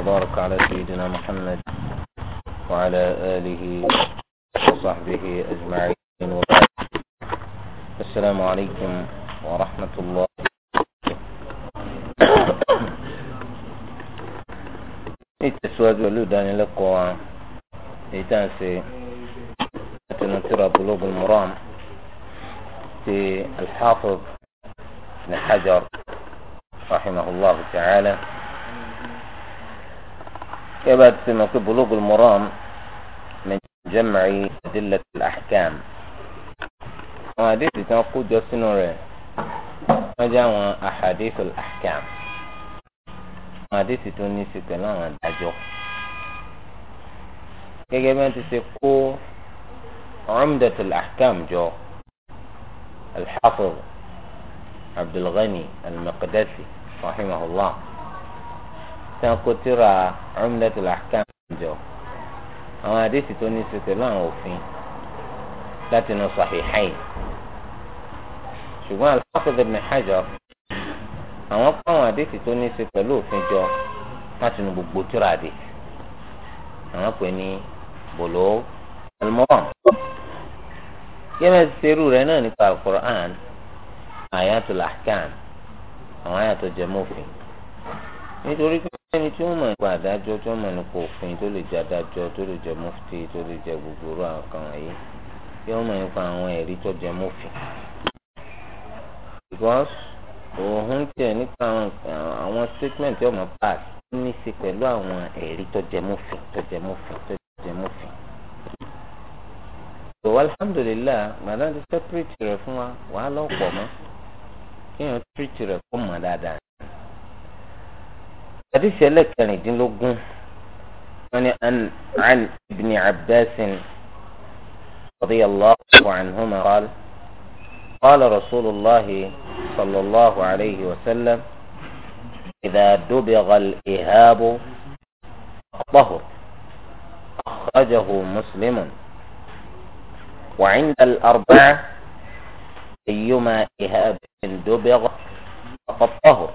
وبارك على سيدنا محمد وعلى آله وصحبه أجمعين وبعد السلام عليكم ورحمة الله ìtẹ̀síwájú pẹ̀lú ìdánilẹ́kọ̀ọ́ wa èyí tá à ń ṣe látinú tíra Bulugh al-Maram ti al-Hafiz ibn Hajar rahimahullah ta'ala. كبد في مكتوب بلوغ المرام من جمع أدلة الأحكام وحديث تنقود جسنور وجمع أحاديث الأحكام وحديث تنسي كلام الأجو كيف تسيقو عمدة الأحكام جو الحافظ عبد الغني المقدسي رحمه الله tán kó tíra Umdatul Ahkam jọ àwọn àdéhìí tó ní í ṣe pẹ̀lú àwọn òfin láti inú Sahihayn ṣùgbọ́n al-Hafiz ibn Hajar àwọn kọ́ àwọn àdéhìí tó ní í ṣe pẹ̀lú òfin jọ láti inú gbogbo tíra àdé àwọn pè ní Bulugh al-Maram yẹ́nà rẹ̀ náà nípa al-Qur'an Ayatul àwọn àyà tó jẹ nítorí pé ẹni tí wọ́n mọ̀ nípa àdájọ́ tí wọ́n mọ̀ nípa òfin tó lè jẹ́ adájọ́ tó lè jẹ́ mufti tó lè jẹ́ gbogbo orú àwọn kan wọ̀nyí tí wọ́n mọ̀ nípa àwọn ẹ̀rí tó jẹ́ mọ́fin. because òun tẹ̀ nípa àwọn statement tí wọ́n mọ̀ pass ní ṣe pẹ̀lú àwọn ẹ̀rí tó jẹ́ mọ́fin tó jẹ́ mọ́fin tó jẹ́ mọ́fin. so alhamdulillah madam ti separate rẹ̀ fún wa wàá lọ́pọ̀ mọ́ kéèyàn treat rẹ̀ fún mọ́ dáadáa. حديث لك يعني أن عن ابن عباس رضي الله عنهما قال قال رسول الله صلى الله عليه وسلم إذا دبغ الإهاب طهر أخرجه مسلم وعند الأربعة أيما إهاب دبغ فقد طهر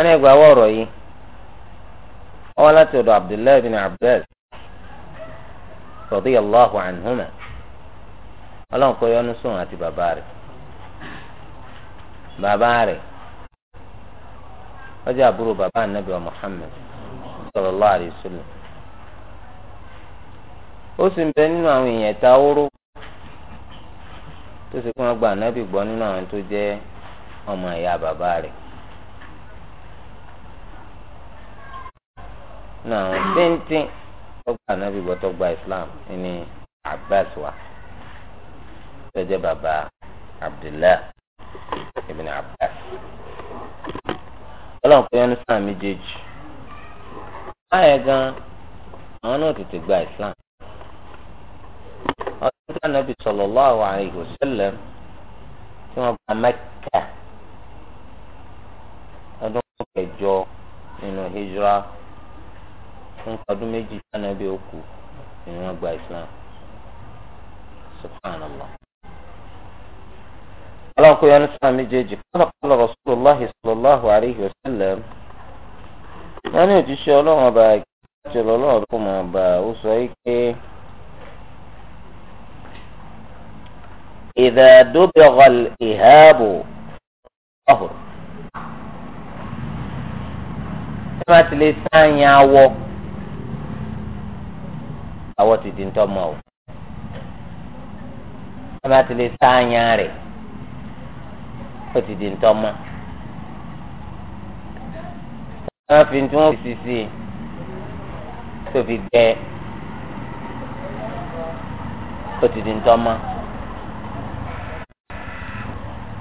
أنا يقوى ورأي أولا تدو عبد الله بن عباس رضي الله عنهما ألا نقول يونسون أتي باباري باباري وجاء برو بابا النبي محمد صلى الله عليه وسلم ó sì ń bẹ nínú àwọn èèyàn ta oró tó sì kí wọn gba ànábì gbọ́ nínú àwọn tó jẹ́ ọmọ ìyá bàbá rẹ̀ náà àwọn tíntín tọ́gbà anábì gbọ́ tọ́gbà islam ní abbas wa tọ́jẹ́ bàbá abdullahi ibn abbas ọlọ́run pé wọ́n ní sáà méjèèjì báyẹn gan àwọn náà tètè gba islam ọdún tí anábì sallallahu alaihi wasallam tí wọ́n gba mẹ́kà ọdún kẹjọ nínú hijra fún ọdún méjì sanabi òkú ni wọ́n gba islam subhanallah. ọlọ́run kò yọ ní sàn méjèèjì kọ́nà rasulillah sallallahu alayhi wa sallam wọ́n ní òjíṣẹ́ ọlọ́run ọba ìkíkàjọ ọlọ́run kò mọ̀ ọba ó sọ yìí pé. إذا دبغ الإهاب طهر. Tí wọ́n ti lè sáyàn awọ àwọ̀ ti di ńtọ́ mọ́ o ọba ti lè sáàyàn rẹ̀ ó ti di ńtọ́ mọ́ wọ́n fi tí wọ́n fi sisi tó fi gbẹ ó ti di ńtọ́ mọ́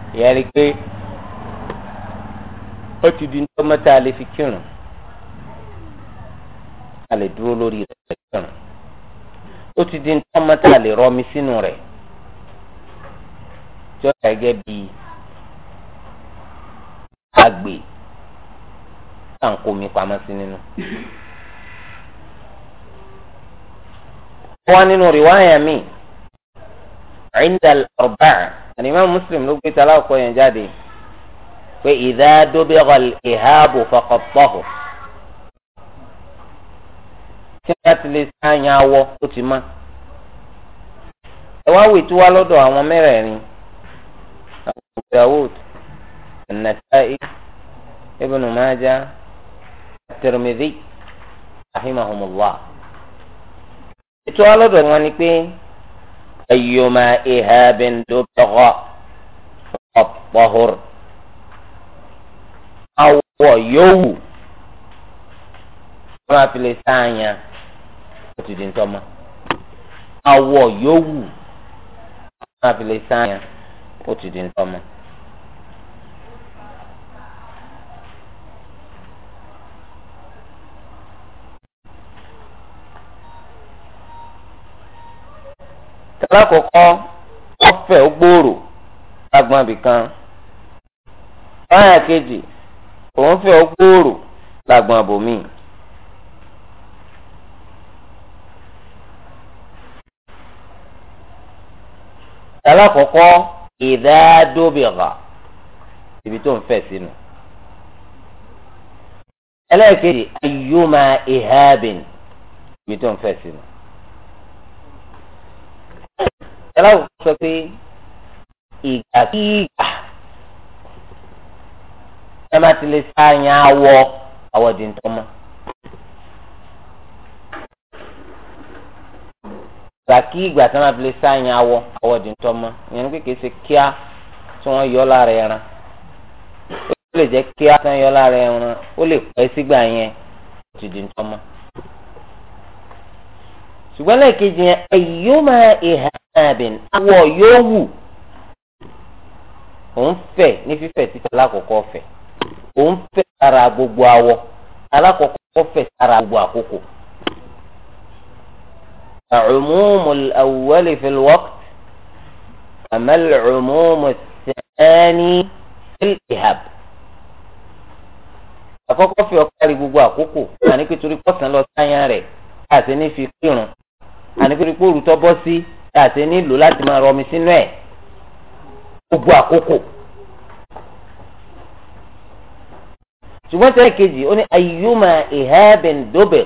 pé ó ti di ńtọ́ tá a lè fi kírun a lè dúró lórí rẹ̀ kírun ó ti di nǹkan mọ́tà lè rọmi sínú rẹ̀ tí ó yà gẹ́gẹ́ bí àgbè tá à ń komi pamọ́ sí nínú. wọ́n nínú rìwáyà mi indal arba'a alimami muslim ló gbé taláwọ̀ kọ́ yẹn jáde pé idha dubigha al-ihabu faqattahu tí wọ́n ti lè sáyàn awọ ó ti mọ́. ẹ wá wí tí wá lọ́dọ̀ àwọn mẹ́rẹ̀ẹ̀rin Abu Dawud An-Nasa'i Ibn Majah At-Tirmidhi rahimahumullah. ètò wá wọn ni pé ayyuma ihabin dubagha ọ̀pọ̀hùr awọ yòówù wọ́n á fi lè sáyàn ó ti di ntọ́mọ́ awọ yòówù àwọn àfilẹ̀ sáyà ó ti di ntọ́mọ́. alákọ̀ọ́kọ́ ọ̀fẹ́ ògbòòrò lágbọ́n abìkan báyà kejì òun fẹ́ ògbòòrò lágbọ́n abòmíì. alákọ̀ọ́kọ́ ìdádóbìrà ibi tó ń fẹ̀ sínú. ẹlẹ́ẹ̀kejì ayọ́mà ìhábìn ibi tó ń fẹ̀ sínú. ẹlẹ́kọ̀ọ́ sọ pé ìgbàkígbà ẹ má ti lè sáyàn awọ àwọ̀dìntọ́mọ́. sàkí ìgbà tí wọn fi lè sáyìn awọ awọ di ntọ́ mọ́ ìyẹn ní kékeré ṣe kíá tí wọ́n yọ lára ẹran ó lè jẹ́ kíá tí wọ́n yọ lára ẹran ó lè pẹ́ sígbà yẹn ó ti di ntọ́ mọ́. ṣùgbọ́n lẹ́ẹ̀kejì yẹn ẹ̀yọ́mọ̀ ìhà awọ yóò wù òun fẹ̀ ní fífẹ̀ títí alákọ̀ọ́kọ́ fẹ̀ òun fẹ̀ sára gbogbo awọ alákọ̀ọ́kọ́ fẹ̀ sára gbogbo àkókò. عموم الأول في الوقت أما العموم الثاني في الإهاب àkọ́kọ́ fi ọkọ ari gbogbo àkókò àní pé torí pọ̀sán lọ sáyà rẹ̀ àti ní fi kírun àní pé kóòrù tó bọ́ sí àti nílò láti máa rọmi sínú ẹ̀ gbogbo àkókò. ṣùgbọ́n tẹ́lẹ̀ kejì ó ní ayuma ihabin dobe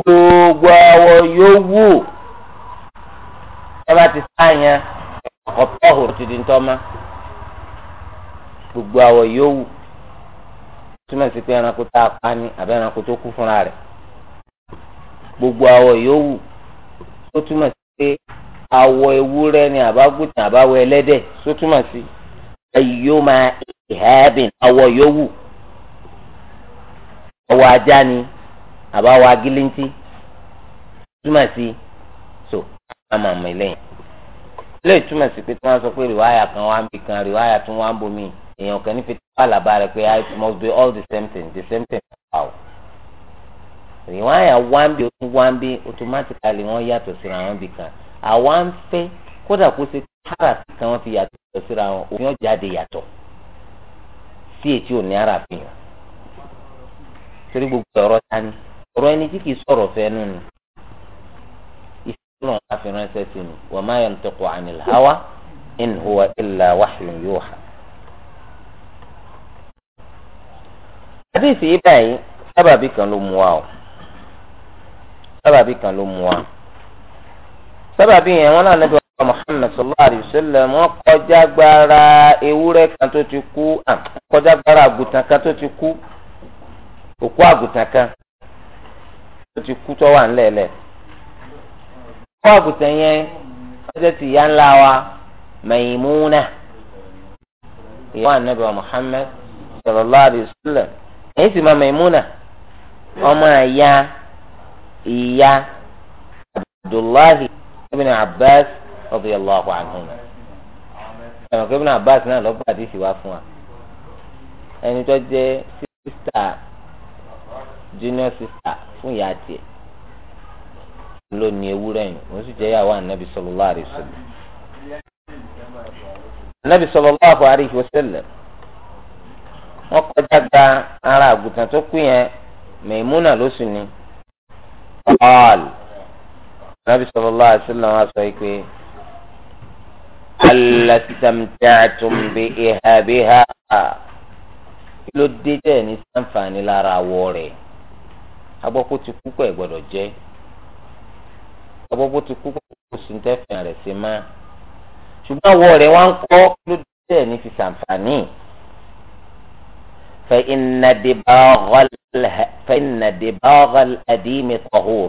gbogbo àwọ̀ yòówù tọ́ba ti sáyẹn ọ̀pọ̀ ọ̀hún ti di ntọ́mọ gbogbo àwọ̀ yòówù túmọ̀ sí pé ẹranko tá a ni àbẹ́ ẹranko tó kú fúnra rẹ̀ gbogbo àwọ̀ túmọ̀ sí pé àwọ̀ ewúrẹ́ ni àbágùtàn àbáwọ̀ ẹlẹ́dẹ̀ túmọ̀ sí ìhẹ́bìn àmọ́ àmọ́ eléyìí ilé ìtumọ̀ sí pé tí wọ́n sọ pé rìwáyà kan wá ń bì kan rìwáyà tún wá ń bomi èèyàn kan ní fi tó àlàbà rẹ pé it must be all the same thing the same thing wow rìwáyà wá ń bì ó tún wá ń bì automatically wọ́n yàtọ̀ síra wọn bì kan àwa ń fẹ́ kódà kó ṣe tààrà kan wọ́n fi yàtọ̀ síra wọn òfin ọ̀jáde yàtọ̀ sí ètí òní ara fi hàn torí gbogbo ọ̀rọ̀ ta ni ọ̀rọ̀ ẹni tí kì í sọ̀rọ̀ fẹ́ nù ni lọ́nà láti ránṣẹ́ sí mi wa ma yantiqu anil hawa in huwa illa wahyun yuha. àdìsí yìí báyìí sábàbí kan ló mú wa o sábàbí kan ló mú wa sábàbí yẹn wọn náà níbi ọkọ Muhammad sallallahu alayhi wa wọn kọjá gbára ewúrẹ́ kan tó ti kú kọjá gbára àgùntàn kan tó ti kú òkú àgùntàn kan tó ti kú tó wà ńlẹ̀ẹ́lẹ̀ẹ́. fún àgùntàn yẹn ọjọ́ ti ìyá ńlá wa Maimuna ìyá anabi wa Muhammad sallallahu alayhi wa sallam èyí sì máa Maimuna ọmọ àyà ìyá Abdullahi ibn Abbas radiyallahu anhuma ẹ̀rọ kí ibn Abbas náà lọ́gbà àti ìṣìwà fún wa ẹni tó jẹ́ junior sísítà fún ìyá tiẹ̀. ló ní ewúrẹ́ yìí wọ́n sì jẹ́ ìyàwó ànábì sallallahu alaihi wasallam. ànábì sallallahu alaihi wasallam wọ́n kọjá gba ara àgùntàn tó kú yẹn Maimuna ló sì ní. ọ̀ọ́lù ànábì sallallahu alaihi wasallam wọ́n sọ pé alasamtaatum bi ihabiha kí ló dé dẹ́ ní ṣàǹfààní lára awọ rẹ̀ agbọ́kú ti kú pẹ̀ gbọ́dọ̀ jẹ́ gbàgbọ́ bó ti kú kó sì ń tẹ́fìn rẹ̀ sí mọ́ ṣùgbọ́n àwọ̀ rẹ̀ wá ń kọ́ lójú tẹ̀ ní fi ṣàǹfààní. فإن دباغ فإن دباغ الأديم طهور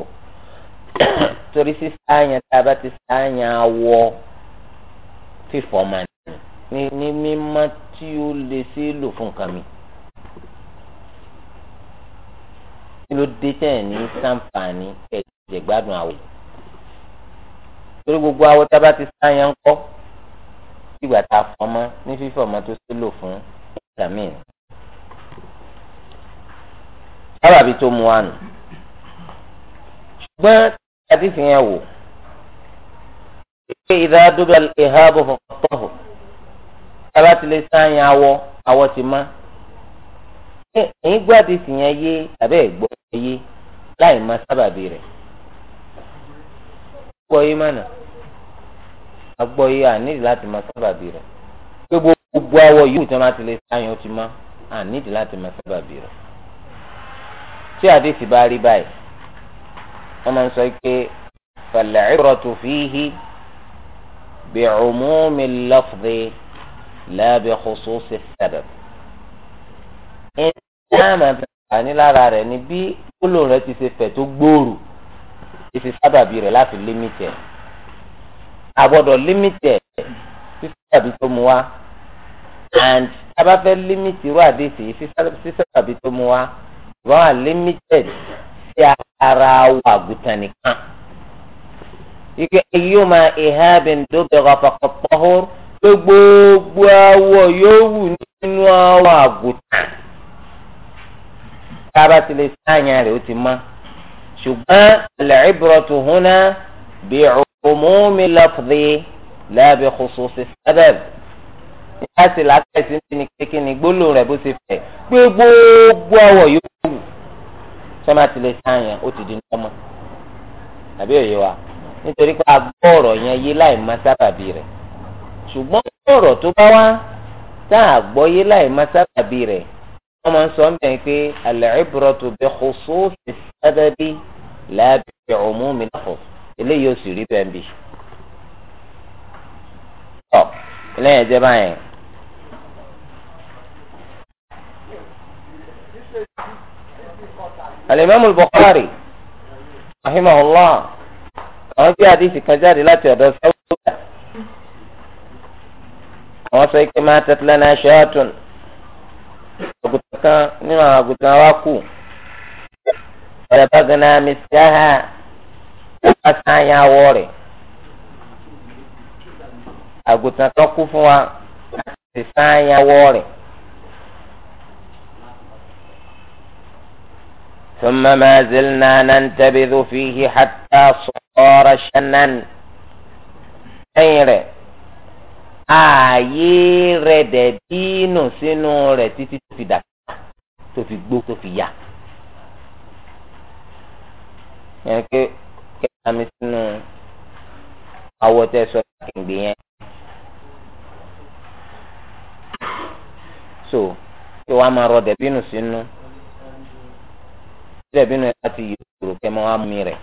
torí sísáyàn tá a bá ti sáyàn awọ fífọ̀ máa ní ní mímọ́ tí ó lè ṣe é lò fún nǹkan mi. kí ló dé tẹ̀ ní sàǹfààní ẹ̀jẹ̀ gbádùn àwọ̀ torí gbogbo awọ tábà ti sá yẹn ń kọ́ ìgbà tá a fọ́ mọ́ ní fífọ̀ mọ́ tó sí lò fún vitamin. sábàbí tó mu wánu ṣùgbọ́n àdìsí yẹn wò pé ìdádúgbò ìhábò fọ̀tọ̀hù tábà ti lè sá yẹn awọ awọ ti mọ́ èyí gbọ́ àdìsí yẹn yé àbẹ́ ẹ̀gbọ́ yé láì mọ sábàbí rẹ̀ gbọ́ yé mọ́nà agbọ́ yìí àníìdí láti mọ sábàbí rẹ̀ pé gbogbo awọ yìí tí wọ́n bá ti lè sáyàn ti mọ́ àníìdí láti mọ sábàbí rẹ̀ tí àdéhìí bá rí báyìí wọ́n máa ń sọ pé fal-ibratu fihi bi'umumi al-lafzi la bi khususi as-sabab ìdáhàmà àní lára rẹ̀ ni bí gbólóhùn rẹ̀ ti ṣe fẹ̀ tó gbòòrò ti ṣe sábàbí rẹ̀ láti límítẹ̀ àgbọ̀dọ̀ límítẹ̀ sísàbí tó mu wá and abáfẹ́ límítì irú àdéhìí sísàbí tó mu wá wọ́n á límítẹ̀ sí ara wa àgùntàn nìkan. ike iyuma ihabin dóbẹ̀rọ̀ fọkàntọ́hó pé gbogbo awọ yóò wù nínú awọ àgùntàn. tába ti lè sáàyàn rẹ̀ ó ti mọ́ ṣùgbọ́n al-ibratu huna bi'u umumi lafzi la bi khususi sabab nígbà tí làákàtí ń tini kékeré ní gbólóhùn rẹ̀ bó ti fẹ́ pé gbogbo àwọ̀ yóò wù sọ́mà ti lè sá yẹn ó ti di nọ́mọ́ àbí òye wa nítorí pé agbọ́ ọ̀rọ̀ yẹn yé láì má sábàbí rẹ̀ ṣùgbọ́n ọ̀rọ̀ tó bá wá tá àgbọ́ yé láì má sábàbí rẹ̀ wọ́n máa ń sọ mẹ́rin pé al-ibratu bi khususi sababi la bi umumi lafzi eléyìí ò sì rí pẹ́ńbì. ọ̀ lẹ́yìn ẹ̀jẹ̀ báyẹn. alimami Bukhari rahimahullah àwọn tí àdìsí kan jáde láti ọ̀dọ̀ sáwùdà àwọn sọ pé máa tẹ̀tẹ̀lẹ̀ náà ṣe àtún àgùntàn kan nínú àwọn àgùntàn wa kù ọ̀dà bá gan náà asáyà awọ rẹ̀ àgùntàn tó kú fún wa àti sáyà awọ rẹ̀. ثم ما زلنا ننتبذ فيه حتى صار شنا lẹ́yìn rẹ̀ ààyè rẹ̀ dẹ̀ dínú sínú rẹ̀ títí tó fi dàgbà tó fi gbó tó fi àmì sínú awọ tẹ sọ kìngbé yẹn. so kí wàá máa rọ dẹ̀bínú sínú dẹ̀bínú yẹn láti yòrò kẹ́ mọ́ àmì rẹ̀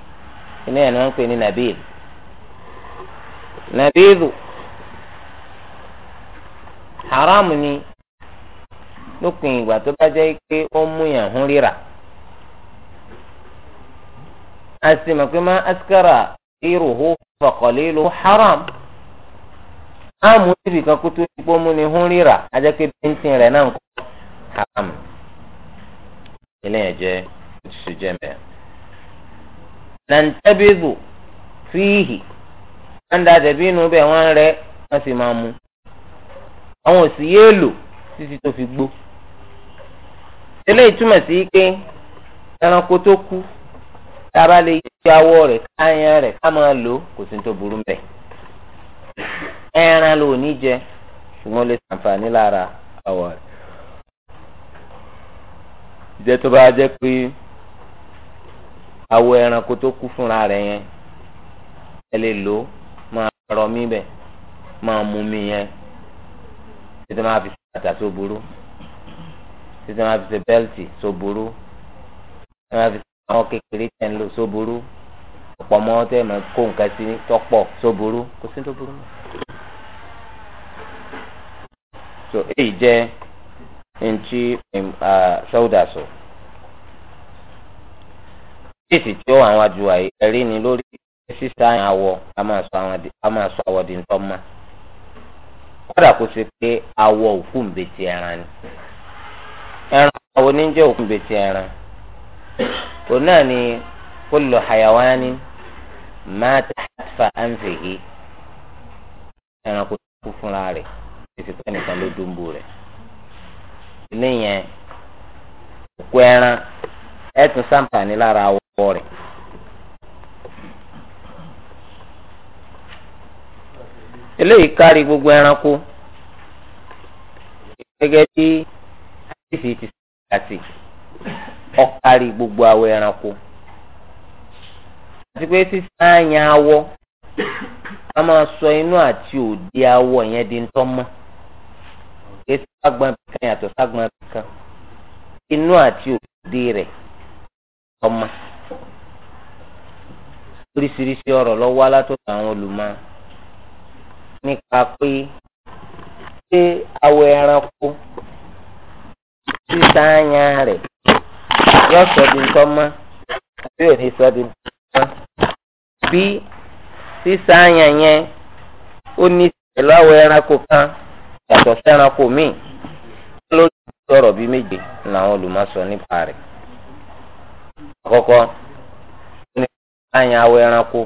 ilé yẹn ni wọ́n ń pè ní nabil nabilu haram ni lópin ìgbà tó bá jẹ́ pé ó mú yàn hún rírà. asima pé má askara iruhu faqalilu haram áàmù níbi kan kó tó ni hún rírà ajá pé bíntín rẹ̀ náà ń kọ́ haram eléyàn jẹ́ ṣe jẹ́ mẹ́rin. nantabidu fihi wọ́n da dẹ̀bínú bẹ́ẹ̀ wọ́n rẹ̀ wọ́n sì máa àwọn òsì yéé lò títí tó fi gbó eléyìí túmọ̀ tába lè yí awọ rẹ̀ káyán rẹ̀ ká máa lò kò sí tó burú mbẹ ẹran ló ní jẹ ṣùgbọ́n lè ṣàǹfààní lára awọ rẹ̀ ìjẹ tó bá jẹ pé awọ ẹranko tó kú fúnra rẹ̀ yẹn ẹ lè lò máa rọ mí bẹ máa mú mi yẹn títí máa fi bàtà tó burú títí máa fi ṣe bẹ́ẹ̀tì tó burú àwọn kékeré tẹ̀ ń lò sóburú ọ̀pọ̀ ọmọ tẹ̀ mọ̀ kó nǹkan sí tọ́pọ̀ sóburú kò sí tó burú mọ́. so èyí jẹ́ ntí ṣọ́ọ̀dà um, sọ. tíìtì tí ó àwọn àjùwà yìí ẹ̀rí ni lórí sísá àwọ̀ a máa sọ àwọ̀ di ntọ́ mọ́. kódà kó ṣe pé àwọ̀ òkú ń bètì ẹran ni ẹran àwọ̀ ní òkú ń bètì ẹran òun náà ni kullu hayawani mata hatfa anfihi ẹranko tó kú fúnra rẹ̀ èsì pé nìkan ló dúnbò rẹ̀ ilé yẹn òkú ẹran ẹ tún sàǹfààní lára awọ rẹ̀. eléyìí kárí gbogbo ẹranko gẹ́gẹ́ bí àdìsí ti sàkàtì ọkari gbogbo awọ ẹranko àti pé sísan àyàn awọ a máa sọ inú àti òde awọ yẹn di ntọ́mọ́ èsì ságbọn kan yàtọ̀ ságbọn kan inú àti òde rẹ̀ ọrọ oríṣiríṣi ọ̀rọ̀ lọ́wọ́ alátọ́tọ̀ àwọn olùmọ̀ nípa pé ṣé awọ ẹranko rẹ̀. yọ sọ di nǹkan mọ́ àbí ò ní sọ di nǹkan mọ́ bí sísáyàn yẹn ó ní pẹ̀lú àwọ̀ ẹranko kan yàtọ̀ sí ẹranko míì lórí sọ̀rọ̀ bíi méje làwọn olùmọ̀sọ nípa rẹ̀ àkọ́kọ́ ní sísáyàn àwọ̀ ẹranko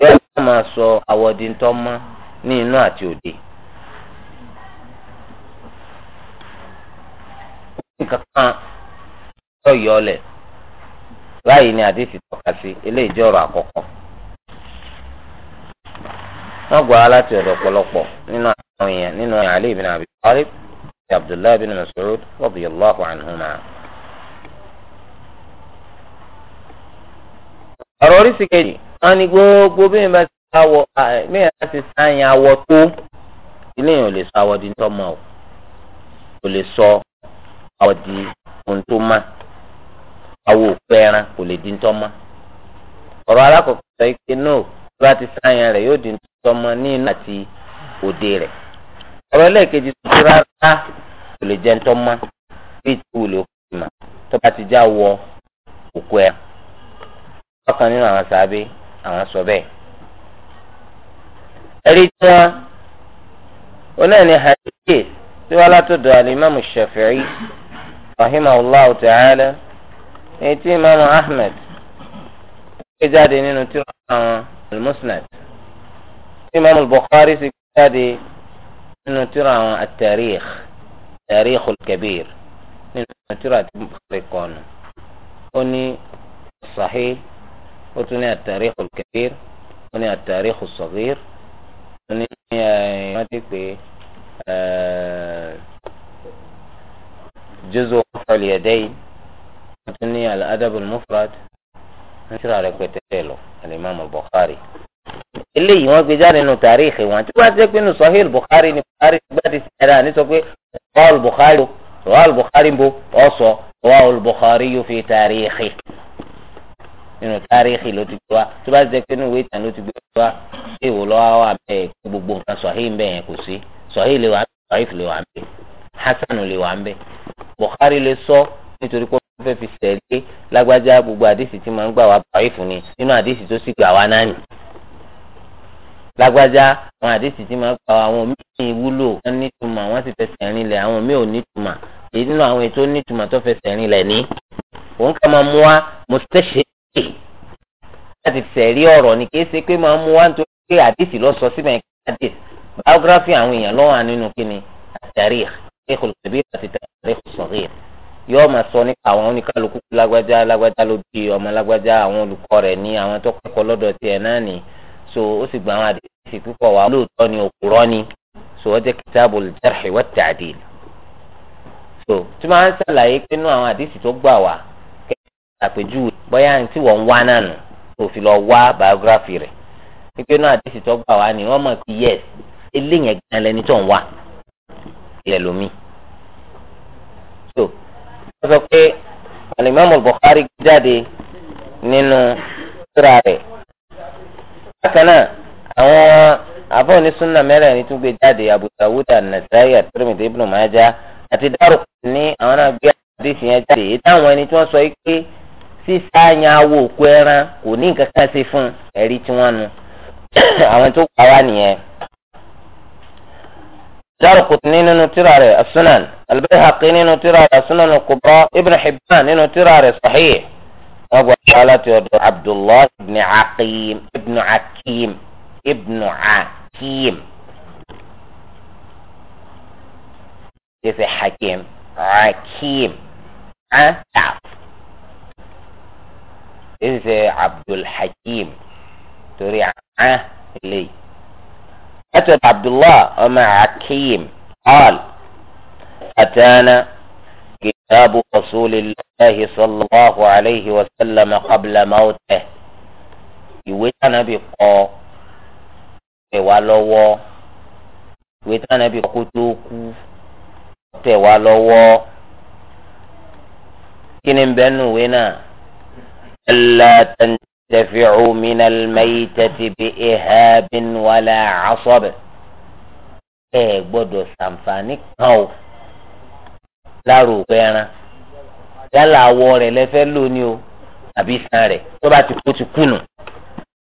yóò máa sọ àwọ̀ di nǹkan mọ́ ní inú àti òde. kan sọ̀yọ́ lẹ̀ báyìí ni àdìsí tọ́ka sí eléyìí jẹ́ ọ̀rọ̀ àkọ́kọ́ wọ́n aláti ọ̀dọ̀ pọ̀lọpọ̀ nínú àwọn èèyàn nínú Abdullahi bin Mas'ud radiyallahu anhuma. ọ̀rọ̀ oríṣi kejì wọ́n ní gbogbo bí awọ tó ilé yẹn ò lè awọ di ntọ́mọ o ò lè awọ di ohun tó awo fẹ́ràn kò lè di ntọ́mọ́ ọ̀rọ̀ alákọ̀ọ́kọ́ sọ pé no tó bá ti sáyẹn rẹ̀ yóò di ntọ́mọ́ ní inú àti òde rẹ̀ ọ̀rọ̀ ẹlẹ́ẹ̀kejì tó rárá kò lè jẹ́ ntọ́mọ́ bí ti wùlé òkú mà tó bá ti já wọ òkú ẹ̀ ọ̀kan nínú àwọn sàábé àwọn sọ bẹ́ẹ̀ ẹ̀rí tí wọ́n onáìní hadith tí wọ́n látọ̀dọ̀ alimami shafi'i rahimahullah ta'ala. èyí tí imaamu ahmed gbé jáde nínú tírà àwọn al-musnad tí imaamu bukhari sì gbé jáde nínú ti àwọn at-tarikh tarikh al-kabir nínú tírà àti bukhari kọ́nù ó ní sahih ó tún ní at-tarikh al-kabir ó ní at-tarikh as-saghir ó ní wọ́n ti pè é juz'u al-yadayn. àti ní al-adabul mufrad ń ṣe àrẹ pẹtẹ lọ al-imam al-bukhari eléyìí wọ́n gbé jáde nínú tàríìkì wọn tí wọ́n ti pínu sahih bukhari ni bukhari gbá ti sẹ́dá ní sọ pé rọ́ọ̀lù bukhari rọ́ọ̀lù bukhari ń bo ọ̀sọ̀ rọ́ọ̀lù bukhari yóò fi tàríìkì nínú tàríìkì ló ti gbé wa tí wọ́n ti pínu ìwé ìtàn ló ti gbé wa ṣé ìwò lọ́wọ́ wà bẹ́ẹ̀ kí gbogbo nǹkan sahih ń bẹ̀ yẹn kò sí sahih lè wà ń bẹ̀ sahih lè wà ń bẹ̀ hasan lè wà ń bẹ̀ bukhari lè sọ nítorí pé wọ́n fẹ́ fi tẹ̀lé lágbájá gbogbo àdìsí tí máa ń gbà wá báyìí fún ni nínú àdìsí tó sì gbà wá náà nì. lágbájá àwọn àdìsí tí máa ń gbà wá àwọn míì wúlò wọ́n nítumọ̀ wọ́n sì fẹsẹ̀ rìn lẹ̀ àwọn míì ò nítumọ̀ èyí nínú àwọn ètò nítumọ̀ tó fẹsẹ̀ rìn lẹ̀ ní. òun kà máa mú wa mustashhid láti tẹ̀rí ọ̀rọ̀ ni kì í ṣe pé máa mú wa nítorí pé àdìsí lọ sọ síbẹ̀ àdìsí biography àwọn èèyàn lọ́wọ́ nínú kíni àtàrí ẹ̀kọ́ lóbi àti yóò máa sọ nípa àwọn oníkálukú lágbájá lágbájá ló bí ọmọ lágbájá àwọn olùkọ́ rẹ̀ ní àwọn tó kẹ́kọ̀ọ́ lọ́dọ̀ tiẹ̀ náà ni so ó sì gba àwọn àdéhùn púpọ̀ wá lóòótọ́ ni òkúrọ́ ni so ó jẹ́ kitabul jarh wa ta'dil so tí wọ́n á ń ṣàlàyé pé nínú àwọn àdéhùn tó gbà wá kẹ́kẹ́ àpèjúwe bóyá ní tí wọ́n ń wá náà nù tó fi lọ wá biography rẹ̀ pípé náà àdéhùn tó gbà wá ni wọ́n mọ̀ pé yes eléyẹn gan lẹni tó so wọ́n sọ pé alimami Bukhari jáde nínú sira rẹ̀ bákan náà àwọn àbọ̀ onísúnà mẹ́rẹ̀ẹ̀rin tún gbé jáde Abu Dawud An-Nasa'i At-Tirmidhi Ibn Majah àti dárúkọ ní àwọn náà gbé àdéhùn yẹn jáde èyí táwọn ẹni tí wọ́n sọ yìí pé sísáyàn awo òkú ẹran kò ní nǹkan kan ṣe fún ẹ̀rí tí wọ́n nu àwọn tó pa wá nìyẹn Daraqutni nínú tírà rẹ̀ as-Sunan Al-Bayhaqi nínú tírà rẹ̀ as-Sunan al-Kubra Ibn Hibban nínú tírà rẹ̀ Sahih wọ́n gba ṣáàlá ti ọ̀dọ̀ Abdullah ibn Aqim ibn Akim ibn Akim ṣẹṣẹ Hakim Akim Ataf ṣẹṣẹ Abdul Hakim torí ah lẹ́yìn. أتى عبد الله ومع حكيم قال أتانا كتاب رسول الله صلى الله عليه وسلم قبل موته يوتنا tánàbì kọ يوتنا wá lọ́wọ́ كنن tánàbì kọ ألا تنتهي تنتفع من الميتة بإهاب ولا عصب ẹ gbọ́dọ̀ ṣàǹfààní kan o láàrò òpẹ ẹran yálà awọ rẹ̀ lẹfẹ lò ní o àbí iṣan rẹ̀ tó bá ti kú ti kùnù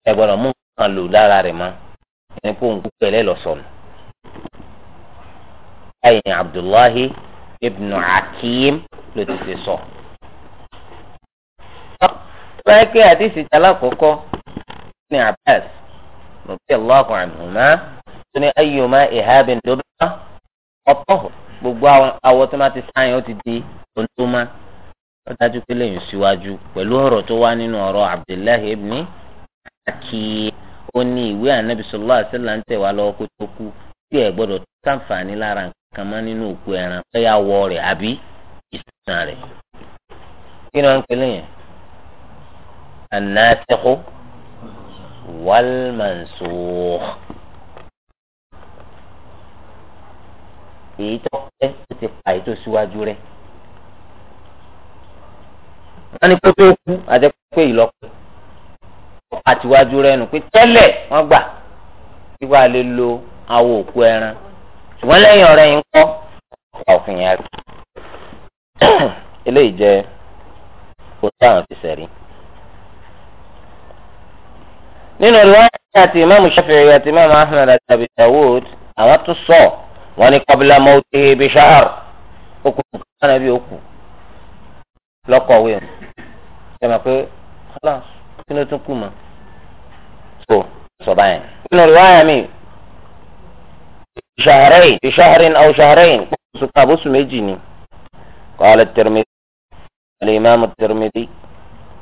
ẹ gbọ́dọ̀ mú nǹkan lò lára rẹ̀ mọ́ ẹni kó ń pẹ̀lẹ́ lọ sọnù. ayin abdullahi ibn akim ló ti ṣe sọ. báyìí pé àdìsí jala ní Abbas rọ̀bí allahu anhuma tó ní ayọ̀má ìhábìn dọ́dọ́ ọ̀pọ̀ gbogbo awọ tó máa ti sáyẹn ó ti di tontoma ó dájú pé lẹ́yìn síwájú pẹ̀lú ọ̀rọ̀ tó wá nínú ọ̀rọ̀ Abdullahi ibn Aki ó ní ìwé ànábi àṣẹlá ń gbọ́dọ̀ sáǹfààní annasikhu wal mansukh. èyí tó pẹ́ tó ti pa èyí tó síwájú rẹ̀. wọ́n ní kó tó kú àti pé ìlọ́pẹ́ àtiwájú rẹ̀ nù pé tẹ́lẹ̀ wọ́n gbà kí wàá lè lo awọ òkú ẹran ṣùgbọ́n lẹ́yìn ọ̀rẹ́ yìí kọ́ ọ̀pá òfin yẹn rí. eléyìí jẹ́ kó táwọn ti sẹ̀rí nínú riwaya àti imaamu shafi'i àti imaamu ahmed àti abi dawud àwọn tún sọ wọn ni qabla mawtihi bi shahr okùn kan àbí okùn lọkọwé o sọma pé khalas kí ló tún kù mọ so sọ báyìí nínú riwaya mi shahrayn bi shahrin aw kóso kábóso méjì ni qala at-tirmidhi al-imam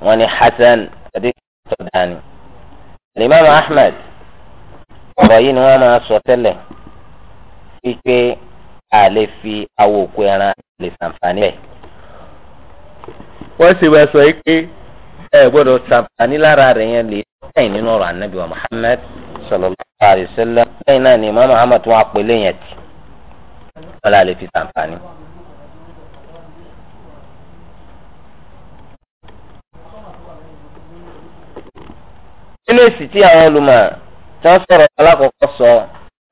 wọn ni hasan àti sọdáni. alimami ahmed ọ̀rọ̀ ni wọ́n máa sọ tẹ́lẹ̀ wípé a lè fi awọ òkú ẹran lè ṣàǹfààní rẹ̀. wọ́n sì wáá sọ pé ẹ gbọ́dọ̀ ṣàǹfààní lára rẹ̀ yẹn lè sẹ́yìn nínú ọ̀rọ̀ wa muhammed ni imam ahmed wọn apẹ̀lẹ́ yẹn tì wọ́n nínú èsì tí àwọn olùmọ̀ tí wọ́n sọ̀rọ̀ alákọ̀ọ́kọ́ sọ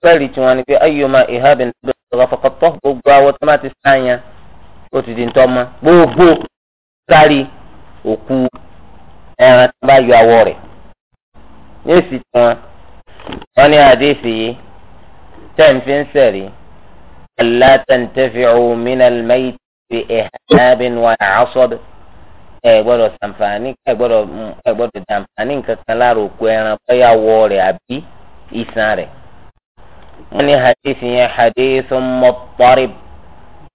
fẹ́ẹ̀rì tí wọ́n ní pé ayyuma ihabin lọ́wọ́ fọkọtọ́ gbogbo awọ tó má ti sáyàn ó ti di ntọ́mọ gbogbo sáré òkú ẹran tó bá yọ awọ rẹ̀ ní èsì tí wọ́n wọ́n ní àdéhìsì yìí tẹ́ǹ fi ń sẹ̀rí aláàtàntẹ́fẹ̀ òmìnira mẹ́yìí ti ihabin wà ẹ gbọ́dọ̀ sàǹfààní ẹ gbọ́dọ̀ ẹ gbọ́dọ̀ sàǹfààní nǹkan kan lára òkú ẹran bóyá wọ rẹ̀ àbí iṣan rẹ̀. wọ́n ní hadithi yẹn hadithu mọtọrì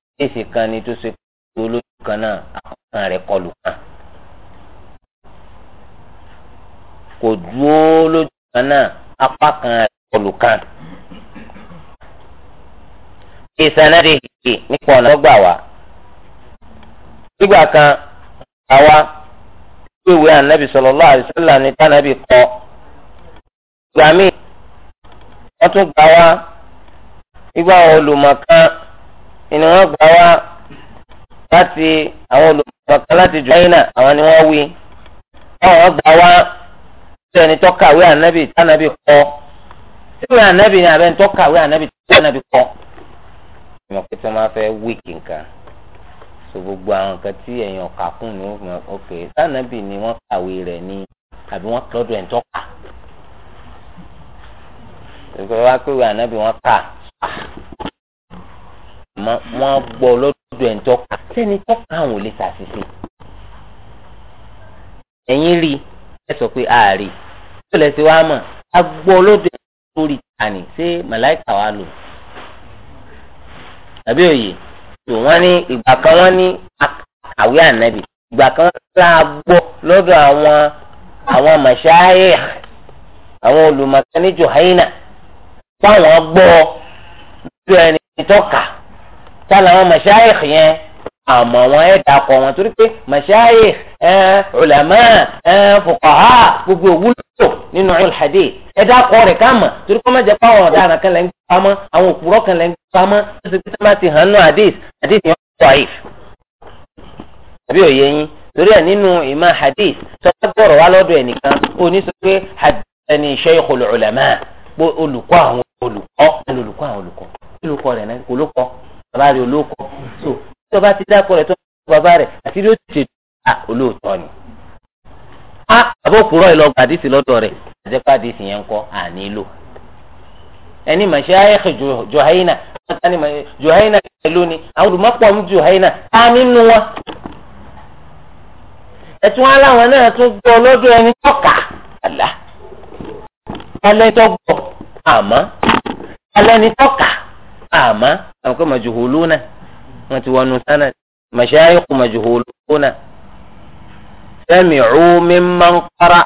hadithi kan ni tó ṣe kó lójú kan náà àkọkàn rẹ̀ kọlù kan. kò dúró lójú kan náà apá kan rẹ̀ kọlù kan. ìsànà rẹ̀ hìkì nípa ọ̀nà tó gbà nígbà kan àwa tí ìwé ànábì sallallahu alaihi wasallam ní tànàbì kọ ìgbà míì wọ́n tún gbà wá nígbà àwọn olùmọ̀kan ni wọ́n gbà wá láti àwọn olùmọ̀kan láti Juhayna àwọn ni wọ́n wí àwọn gbà wá sọ ẹni tó kàwé ànábì tànàbì kọ síwèé ànábì ni àbẹ́ni tó kàwé ànábì tànàbì kọ. ìmọ̀ pé tí wọ́n máa fẹ́ wíìkì nǹkan so gbogbo àwọn nǹkan tí ẹ̀yìn ọ̀kà kún ní òfin ok sànàbì ni wọ́n kàwé rẹ̀ ni àbí wọ́n tọ́jú ẹ̀ ń tọ́ka ìgbà wa pé wà nábì wọ́n kà wọ́n gbọ́ lọ́dọ̀ ẹ̀ ń tọ́ka sẹ́ni tọ́ka àwọn ò lè ṣàṣìṣe ẹ̀yìn rí ẹ sọ pé ààrẹ tó lẹ̀ wa mọ̀ a gbọ́ lọ́dọ̀ ẹ̀ lórí tani ṣé màláìkà wa lò àbí òye tó wọ́n ní ìgbà kan wọ́n ní àkàwé ànábì ìgbà kan wọ́n ní láàgbọ́ lọ́dọ̀ àwọn àwọn màṣáyè àwọn olùmọ̀kánì jòhánà táwọn gbọ́ lójú ẹni tọ́ka táwọn màṣáyè yẹn àmọ́ wọn ẹ̀ dàpọ̀ wọn torí pé màṣáyè ẹ ulama ẹ fuqaha gbogbo òwúlò nínú al-hadith ẹ dákọ̀ rẹ̀ ká mọ̀ torí kọ́ mẹ́jẹ̀ pàwọn ọ̀daràn kan lẹ́ ń gbé pamọ́ àwọn òpùrọ̀ kan lẹ́ ń gbé pamọ́ ó sì pé sábà ti hàn náà hadith hadith yẹn wọ́n wà if. àbí òye yín torí ẹ̀ nínú ìmọ̀ hadith sọ́jà gbọ́rọ̀ wá lọ́dọ̀ ẹnìkan ó ní sọ pé haddathani shaykhul ulama pé olùkọ́ àwọn olùkọ́ olùkọ́ àwọn olùkọ́ olùkọ́ rẹ̀ náà olùkọ́ a ah, olóòótọ́ ni a ah, àbókùrọ̀ ìlọgọ àdìsí lọ́dọ̀ rẹ̀ àjẹpá àdìsí yẹn ń kọ́ àní lò ẹni màṣáyẹ̀kì jòháínà ẹni jòháínà ìlú ni àwọn olùmọ̀pọ̀ ń jòháínà ta nínú wọn ẹtún aláwọn náà tún gbọ́ lọ́dọ̀ ẹni tọ́ka àlá alẹ́ tó gbọ́ àmọ́ alẹ́ ni tọ́ka àmọ́ àwọn kò mọ̀ jòhóló náà wọ́n ti wọnú sánà màṣáyẹ̀kù mọ̀ jòhóló náà. سمعوا ممن قرأ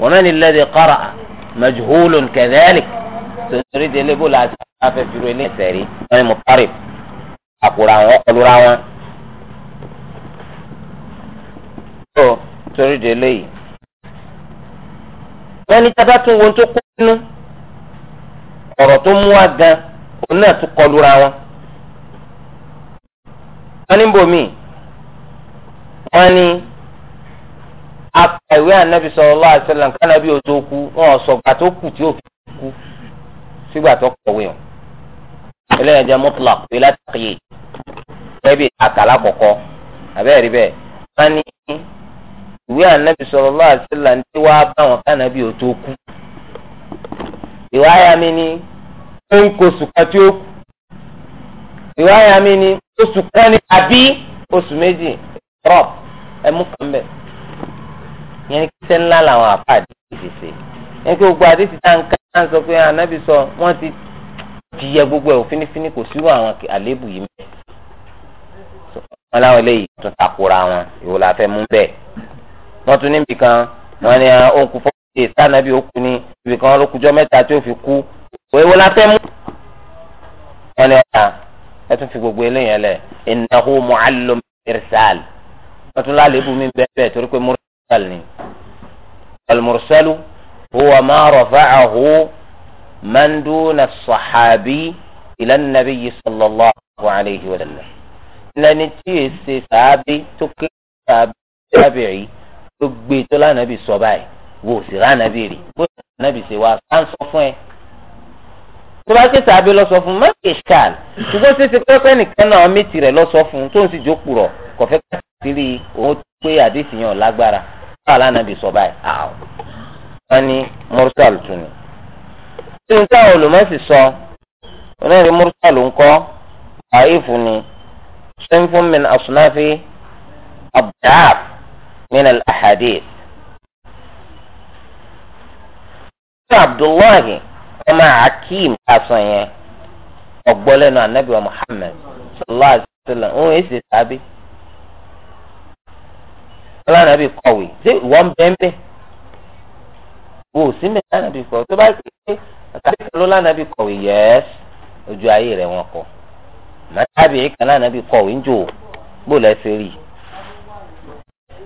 ومن الذي قرأ مجهول كذلك تريد اللي بقول أسافة جرولين ساري أنا مضطرب أقول راوان تريد اللي wọ́n ní tábà tún wọn tó kó nínú ọ̀rọ̀ tó mú wa gan òun náà tún kọlu ra wọn. wọ́n ní bòmí wọ́n ní apá ìwé ànábì sallallahu alaihi wasallam kánábì ó tó kú wọn sọgbà tó kù tí ó fi kú sígbà tó kọ̀wé o eléyàn jẹ mutlaq pé látàkìyè ẹbí àkàlà kọ̀kọ́ àbẹ́ẹ̀rí bẹ́ẹ̀ wọ́n ní ìwé ànábì sallallahu alaihi wasallam ń tí wàá bá wọn kánábì ó tó kú ìwé àyà mi ni ó ń kó sùkà tí ó kú ìwé àyà mi ni oṣù kan ní àbí oṣù méjì rọp ẹmú kan bẹ́ẹ̀ yẹn kíṣẹ́ ńlá làwọn àfa àdìsí ṣe yẹn kí gbogbo àdìsí tá n ká ń sọ pé ànábì sọ wọ́n ti jiyẹ gbogbo ẹ̀ òfinifini kò síwọ àwọn àléébù yìí mẹ́ wọn láwọn eléyìí tún takora wọn ìwò la fẹ́ mú bẹ́ẹ̀ wọ́n tún níbi kan wọ́n ní òǹkù fọ́ọ̀tì sànàbí òkú ni ibì kan ló kújọ́ mẹ́ta tí ó fi kú ìwò la fẹ́ mú wọ́n ní ọ̀tá ah, ẹ tún fi gbogbo eléyìí lẹ̀ innahu mu'allum irsal wọ́n tún lálẹ́ ibù mi bẹ́ẹ̀ bẹ́ẹ̀ torí pé mursal المرسل هو ما رفعه من دون الصحابي إلى النبي صلى الله عليه وسلم lẹni tí èsè sàábí tó ké sàábìrì tó gbé tó lánàbì sọ báyìí wò sí lánàbì rì bó lánàbì ṣe wá à ń sọ fún ẹ. tó bá ké sàábí lọ sọ fún un mẹ́kì ṣáàl ṣùgbọ́n ṣe ṣe pẹ́pẹ́ nìkan náà mí tirẹ̀ lọ sọ fún un tó ń sì jókòó rọ̀ kọ̀fẹ́ kàtìrì òun tó pé àdéhìyàn lágbára sàlá nàbì sọ báyìí àwọn wọn ní mursal tún ni. tí n táwọn olùmọ̀sí sọ onírìn mursal ńkọ́ àìfù ni sinfun min asunafi abdaf min al-ahadith. ṣé abdullahi ọmọ akeem aṣọ yẹn ọgbọ́lẹ́nu anabi wa muhammed sallallahu alayhi wa sallam òun èsì sábẹ́ ọlọ́run àbí kọ̀wé ṣé ìwọ ń bẹ́ẹ̀ bẹ́ẹ̀ wò sí mi lánàá bí kọ̀wé tó bá ṣe pé àtàkùn ló lánàá bí kọ̀wé yẹ́s ojú ayé rẹ̀ wọn kọ̀ màtàbí kan lánàá bí kọ̀wé ń jò bó lẹ́sẹ̀ rí i.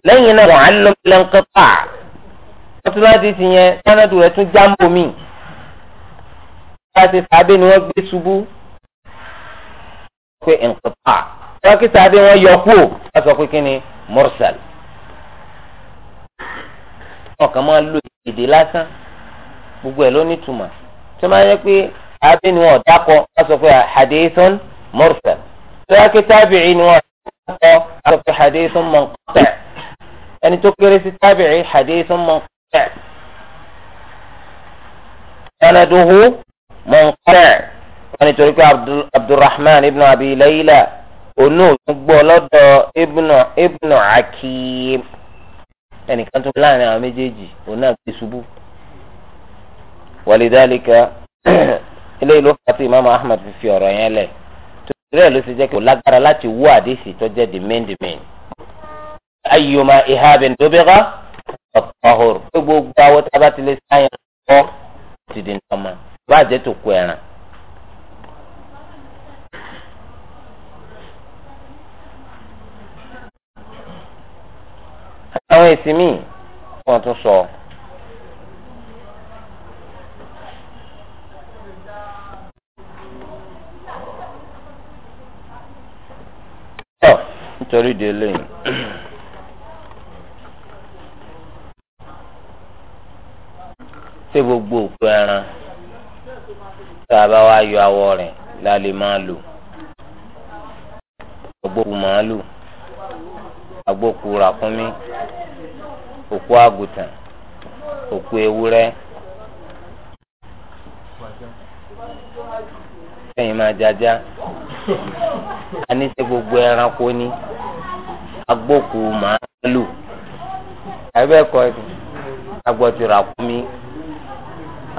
lẹ́yìn náà wọ́n á lọ ilé ńkọ́ pa ọtúnláàdì ti yẹn sánàdù rẹ̀ tún jámbó mi láti sábẹ́ ni wọ́n gbé ṣubú pé ńkọ́ pa wọ́n kí sábẹ́ wọn yọ sọ pé kí ni ọkàn máa lo èdè lásán gbogbo ẹ̀ ló ní ìtumọ̀ tó máa yẹ pé àbí ni wọn dákọ wọn sọ pé hadithun mursal tó yẹ kí tábìrì ni wọn dákọ wọn sọ pé hadithun munqati' ẹni tó kéré sí tábìrì hadithun munqati' sanaduhu munqati' wọn nítorí pé abdulrahman ibn abi layla onú ògbó lọ́dọ̀ ibn ibn ẹnìkan tó láàrin àwọn méjèèjì òun náà gbé ṣubú. wàlídàálíkà ilé ìlú fati imaamu ahmed fi fi ọ̀rọ̀ yẹn lẹ̀ torí ẹ̀ ló ṣe jẹ́ kí o lágbára láti wú àdéhìí tó jẹ́ dìmẹ́ndìmẹ́n. ayọ̀mọ̀ ìhàbẹ̀ ndóbẹ́ká ọ̀pọ̀hùr gbogbo awọ́ta bá ti lè sáyẹn kọ́ ti di nǹkan mọ́ bá jẹ́ tó kú ẹ̀ràn. àwọn èsì míì wọ́n tún sọ. nítorí délé yìí. ṣé gbogbo òkú ẹran tá a bá wá yọ awọ rẹ̀ la lè máa lò agbóku màálù agbóku ràkúnmí òkú àgùtàn òkú ewúrẹ́ sẹ́yìn máa jájá a ní sẹ́ gbogbo ẹranko ní agbóku màálù abẹ́ẹ̀kọ́ agbọ́tura kúmi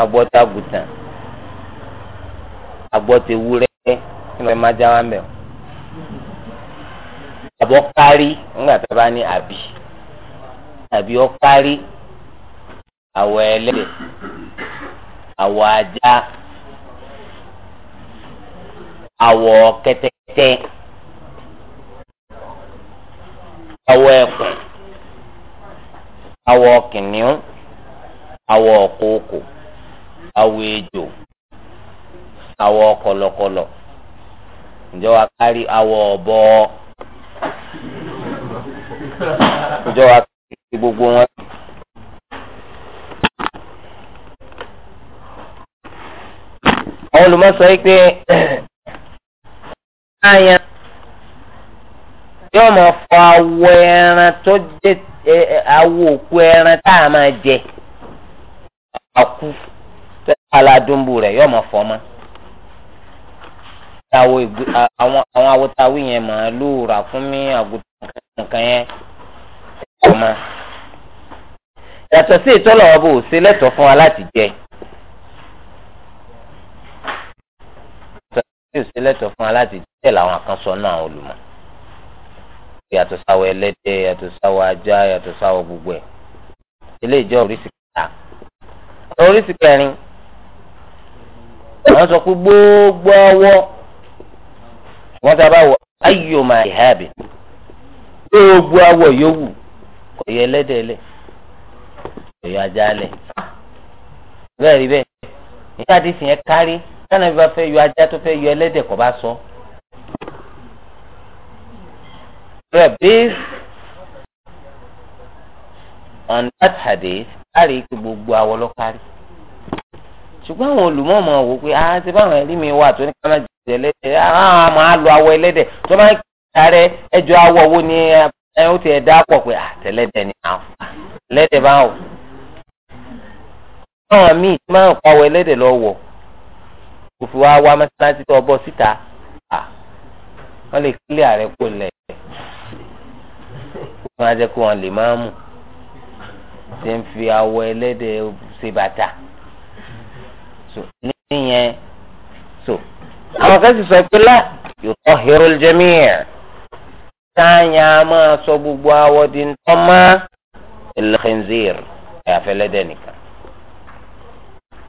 agbọ́ta àgùtàn agbọ́ta ewúrẹ́ nínú ẹ̀ máa já wa mẹ́ọ̀ àbọ̀ kárí ńgbà tó bá ní àbí tàbí ọkárí àwọ̀ ẹlẹ́dẹ̀ àwọ̀ ajá àwọ̀ kẹ́tẹ́kẹ́tẹ́ àwọ̀ ẹkùn àwọ̀ kìnìún àwọ̀ kòkò àwọ̀ ejò àwọ̀ kọ̀lọ̀kọ̀lọ̀ ǹjẹ́ wàá kárí àwọ̀ ọ̀bọ ǹjẹ́ wàá ti gbogbo wọn. àwọn olùmọ̀sọ yìí pé àyàn yóò máa fọ awọ ẹran tó jẹ awọ òkú ẹran tá a máa jẹ àkú tó aládùnbù rẹ yóò máa fọ ọmọ àwọn awọ táwí yẹn màálù rà fún mi àgùntàn kankan yẹn ọmọ yàtọ̀ sí ìtọ́lọ̀ ọba ò ṣe lẹ́tọ̀ọ́ fún wa láti jẹ yàtọ̀ sí fún wa láti jẹ làwọn kan náà olùmọ̀ yàtọ̀ sáwọ ẹlẹ́dẹ̀ yàtọ̀ sáwọ ajá yàtọ̀ sáwọ gbogbo ẹ̀ ilé ìjọ oríṣi kẹta oríṣi àwọn sọ pé gbogbo ọwọ́ wọn ta bá wọ ayọ̀mọ̀ ìhàbì gbogbo ọwọ́ yòówù kò yọ ẹlẹ́dẹ̀ lẹ̀ kò yọ ajá lẹ̀ bẹ́ẹ̀ rí bẹ́ẹ̀ ìyá àdìsí yẹn kárí kánà bí wọ́n fẹ́ yọ ajá tó fẹ́ yọ ẹlẹ́dẹ̀ kò bá sọ. rẹ̀ based on that hadith kárí gbogbo àwọn ọlọ́kárí ṣùgbọ́n àwọn olùmọ̀ọ́mọ̀ wò pé ah ṣe báwọn ẹ̀rí mi wà tó ní ká má jẹ ẹlẹ́dẹ̀ ah máa lo awọ ẹlẹ́dẹ̀ tó máa ń kí ẹjọ́ awọ wo ni ẹ ó ti ẹ̀ dá pọ̀ pé àtẹ̀lẹ́dẹ̀ ni à ń fà lẹ́dẹ̀ bá wò. àwọn míì tí máa ń pa ọwọ́ ẹlẹ́dẹ̀ lọ wọ̀ kò fi wá wá mọ́sálásí tó bọ́ síta wọ́n lè kílẹ̀ ààrẹ kó lẹ̀ wọ́n á jẹ́ kó wọn lè máa mú ṣe ń fi awọ ẹlẹ́dẹ̀ ṣe bàtà níyẹn so àwọn kan sì sọ pé lá yóò tọ́ hero jẹ́míẹ̀ táyà máa sọ gbogbo awọ di ntọ́mọ́ ìlẹ̀kẹ̀nzìr àyàfẹ́ ẹlẹ́dẹ̀ nìkan.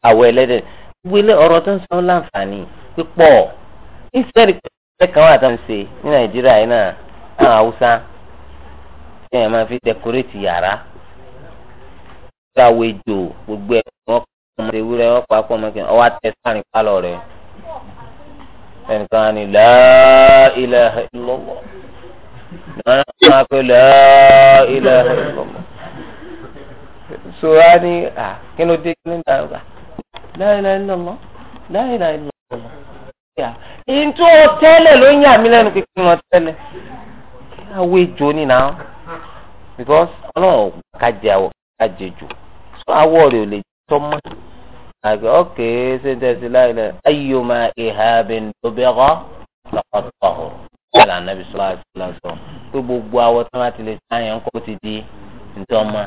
àwọ̀ ẹlẹ́dẹ̀ gbogbo ilé ọ̀rọ̀ tó ń sọ láǹfààní pípọ̀ ìsẹ́rì pẹ̀lẹ́ kan wà tó ń ṣe ní nàìjíríà yìí náà àwọn haúsá ṣé ẹ̀ fi dẹkọrétì yàrá ìgbàwọ̀ ejò gbogbo ẹ̀ wọ́n kọ́ ọmọ ewúrẹ́ wọ́n pa ọmọ kìnnìkan ọwọ́ àtẹ sáàrin pálọ̀ rẹ̀ ẹnìkan ni láà lọ́nà tó máa pe lọ́ ilẹ̀ ọ̀gbọ̀n. so a ní à kí ló dé kí ló ń da ọ̀gá láìla ìlọ́lọ́ láìla ìlọ́lọ́. ìtú tẹ́lẹ̀ ló ń yà mí lẹ́nu kékeré wọn tẹ́lẹ̀ awé jo ni na because ọlọ́run kájẹ awọ kájẹ jù so awọ rẹ ò lè tọ́ mọ́ àgbẹ̀ ọ̀kẹ́ ṣe ń tẹ̀sí láìla ayọ̀mọ̀ ìhà bẹ̀ ń tóbi ọkọ̀ lọ́kọ̀ tọ̀hùrù kọ́lá anabi sọlá sọlá sọ pé gbogbo awọ tí wọ́n ti lè ta yẹn kó ti di ntọ́mọ.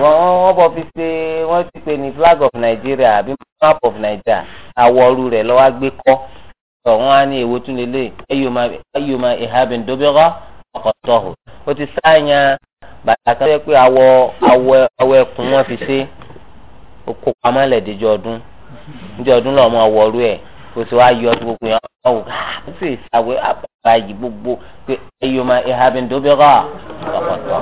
wọ́n bọ̀ fi ṣe wọ́n ti pè ní flag of Nigeria àbí map of Nigeria àwọ̀rù rẹ̀ lọ́wọ́ gbé kọ́ tọ̀ wọ́n á ní èwo tún lè lè ayọ̀mọ ìhàbìn dóbẹ́rọ́ ọ̀kọ̀tọ̀hù ó ti sáàyàn bàtà kan jẹ́ pé awọ awọ awọ ẹkùn wọn fi ṣe ó pamọ́ lẹ̀ díjọ́ ọdún díjọ́ ọdún lọ́mọ àwọ̀rù ẹ̀ kòtò ayọ gbogbo yẹn ọwọ àti ìsàwé àbàbà yìí gbogbo pé ayọmọ ìhàbìndóbìrà ọkọtọ